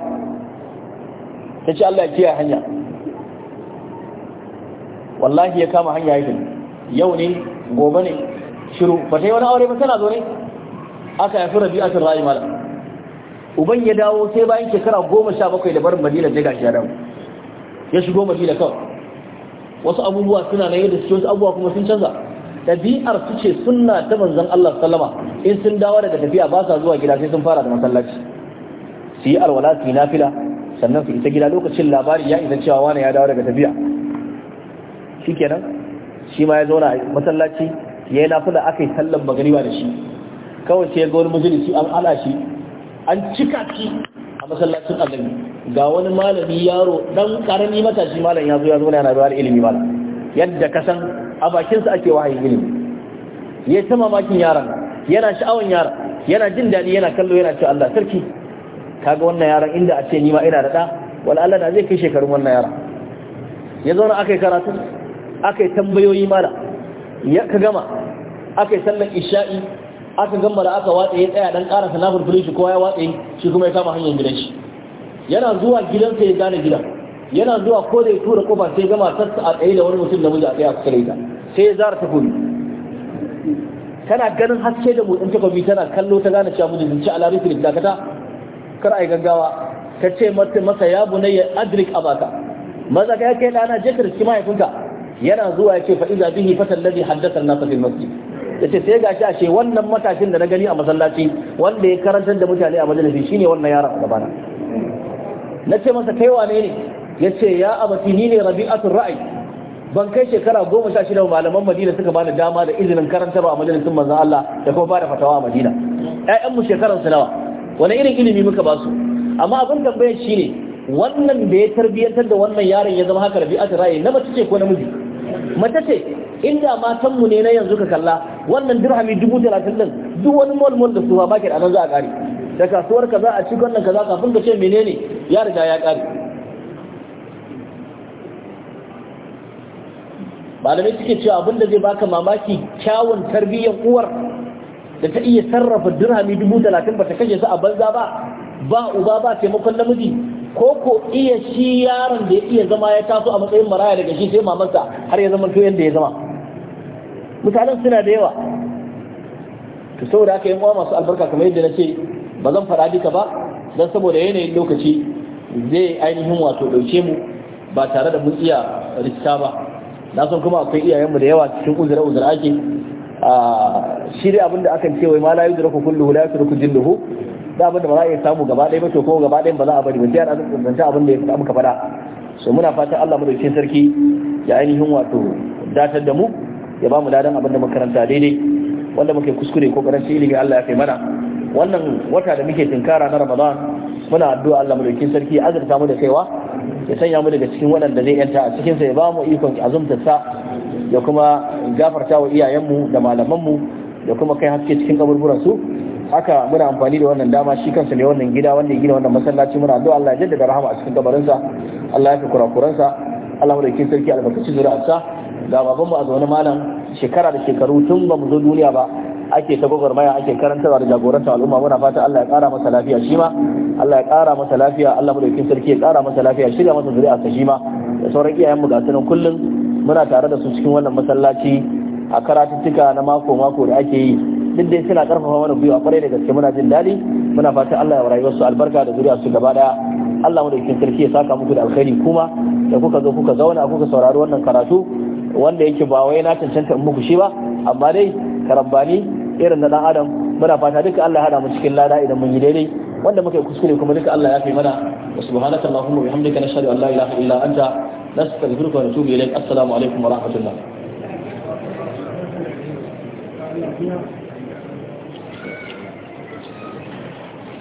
Speaker 1: ta ce Allah ya kiyaye hanya wallahi ya kama hanya yake yau ne gobe ne shiru ba ta yi wani aure ba tana zo ne aka yafi rabi'atul ra'i mala uban ya dawo sai bayan shekara goma sha bakwai da barin madina sai gashi ya dawo ya shigo madina kawai wasu abubuwa suna na yadda suke wasu abubuwa kuma sun canza ɗabi'ar su ce sunna ta manzon Allah sallama in sun dawo daga tafiya ba sa zuwa gida sai sun fara da masallaci su yi alwala su yi nafila sannan su ita gida lokacin labari ya isa cewa wani ya dawo daga tafiya kenan shi ma ya zauna a masallaci ya yi nafila aka yi sallan magariba da shi kawai sai ya ga wani majalisi an ala shi an cika ci a masallacin azami ga wani malami yaro ɗan ƙarami matashi malam ya zo ya zo yana da ilimi malam yadda ka san a bakinsa ake wahayin ilimi ya ta mamakin yaran yana sha'awan yaran yana jin daɗi yana kallo yana cewa Allah sarki kaga wannan yaran inda a ce ni ma ina da ɗa Wani Allah na zai kai shekarun wannan yaran ya zauna aka yi karatu aka yi tambayoyi mala ya ka gama aka yi sallan isha'i aka da aka watsa ya tsaya dan ƙara na furfuri shi kowa ya watsa shi kuma ya kama hanyar gidan shi yana zuwa gidansa ya gane gidan yana zuwa ko da ya tura kofa sai gama sassa a tsaye da wani mutum da miji a tsaye a kusa da sai ya zara ta kuri tana ganin haske da motsin takobi tana kallo ta gane cewa mijin ci ala filip dakata kar a yi gaggawa ta ce masa ya bunayya adrik baka. maza ka yake ɗana je ka riski mahaifinka yana zuwa ya ce iza bihi fatal ladhi haddatha an-nas fil Ya ce sai gashi a ce wannan matashin da na gani a masallaci wanda ya karantar da mutane a majalisi shine wannan yaron a gabana ce masa kai wa ne ce ya abati ni ne rabi'atul ra'ayi. ban kai shekara goma sha shida malaman madina suka ni dama da izinin karantarwa a majalisin manzon Allah da kuma bada fatawa a madina ƴaƴan mu shekaran su nawa wani irin ilimi muka ba su amma abin tambayar shine wannan da ya tarbiyyantar da wannan yaron ya zama haka rabi'atul ra'ayi na mace ce ko namiji Mata ce inda matanmu ne na yanzu ka kalla wannan dirhami dubu talatin din duk wani mol mol da suwa market a nan za a kare da kasuwar ka za a ci wannan kaza kafin ka ce menene ya riga ya kare malamai suke cewa abin da zai baka mamaki kyawun tarbiyyar uwar da ta iya sarrafa dirhami dubu talatin ba ta kashe su a banza ba ba uba ba taimakon namiji ko ko iya shi yaron da ya iya zama ya taso a matsayin maraya daga shi sai mamarsa har ya zama to da ya zama mutanen suna da yawa to saboda haka yan uwa masu albarka kamar yadda na ce ba zan fara duka ba don saboda yanayin lokaci zai ainihin wato dauke mu ba tare da mun iya rikita ba na san kuma akwai iyayenmu da yawa cikin uzura uzura ake a ah, shirya abin da akan ce wai ma la yudraku ku kullu la yudraku da abin da ba za a iya samu gaba ɗaya ba to ko gaba ɗaya ba za a bari ba sai an zance abin da ya fi muka faɗa so muna fatan Allah madaukakin sarki ya ainihin wato datar da mu ya ba mu dadan abin da makaranta daidai wanda muke kuskure ko karanci ilimi Allah ya kai mana wannan wata da muke tinkara na Ramadan muna addu'a Allah madaukakin sarki ya azurta mu da kaiwa ya sanya mu daga cikin waɗanda zai yanta a sa ya ba mu ikon azumtarsa ya kuma gafarta wa iyayenmu da malamanmu da kuma kai haske cikin kaburburansu haka muna amfani da wannan dama shi kansa ne wannan gida wannan gida wannan masallaci muna addu'a Allah ya jaddada rahama a cikin kabarinsa Allah ya fi kurakuransa Allah da kin sarki albarkaci sa ga baban mu a zaune malam shekara da shekaru tun ba mu zo duniya ba ake ta gwagwarmaya ake karantarwa da jagorantar al'umma muna fata Allah ya kara masa lafiya shi ma Allah ya kara masa lafiya Allah mu da kin sarki ya kara masa lafiya shirya masa sa shi ma da sauran iyayen mu ga sunan kullum muna tare da su cikin wannan masallaci a karatuttuka na mako mako da ake yi duk dai suna karfafa mana gwiwa kwarai da gaske muna jin daɗi muna fatan Allah ya rayuwar su albarka da zuriya su gaba daya Allah mu da cikin sarki ya saka muku da alkhairi kuma da kuka zo kuka zauna kuka saurari wannan karatu wanda yake ba wai na cancanta in muku shi ba amma dai karambani irin na dan adam muna fata duka Allah ya hada mu cikin lada idan mun yi daidai wanda muka yi kuskure kuma duka Allah ya kai mana wa subhanaka allahumma bihamdika nashhadu an la ilaha illa anta nastaghfiruka wa natubu ilaik assalamu alaikum wa rahmatullah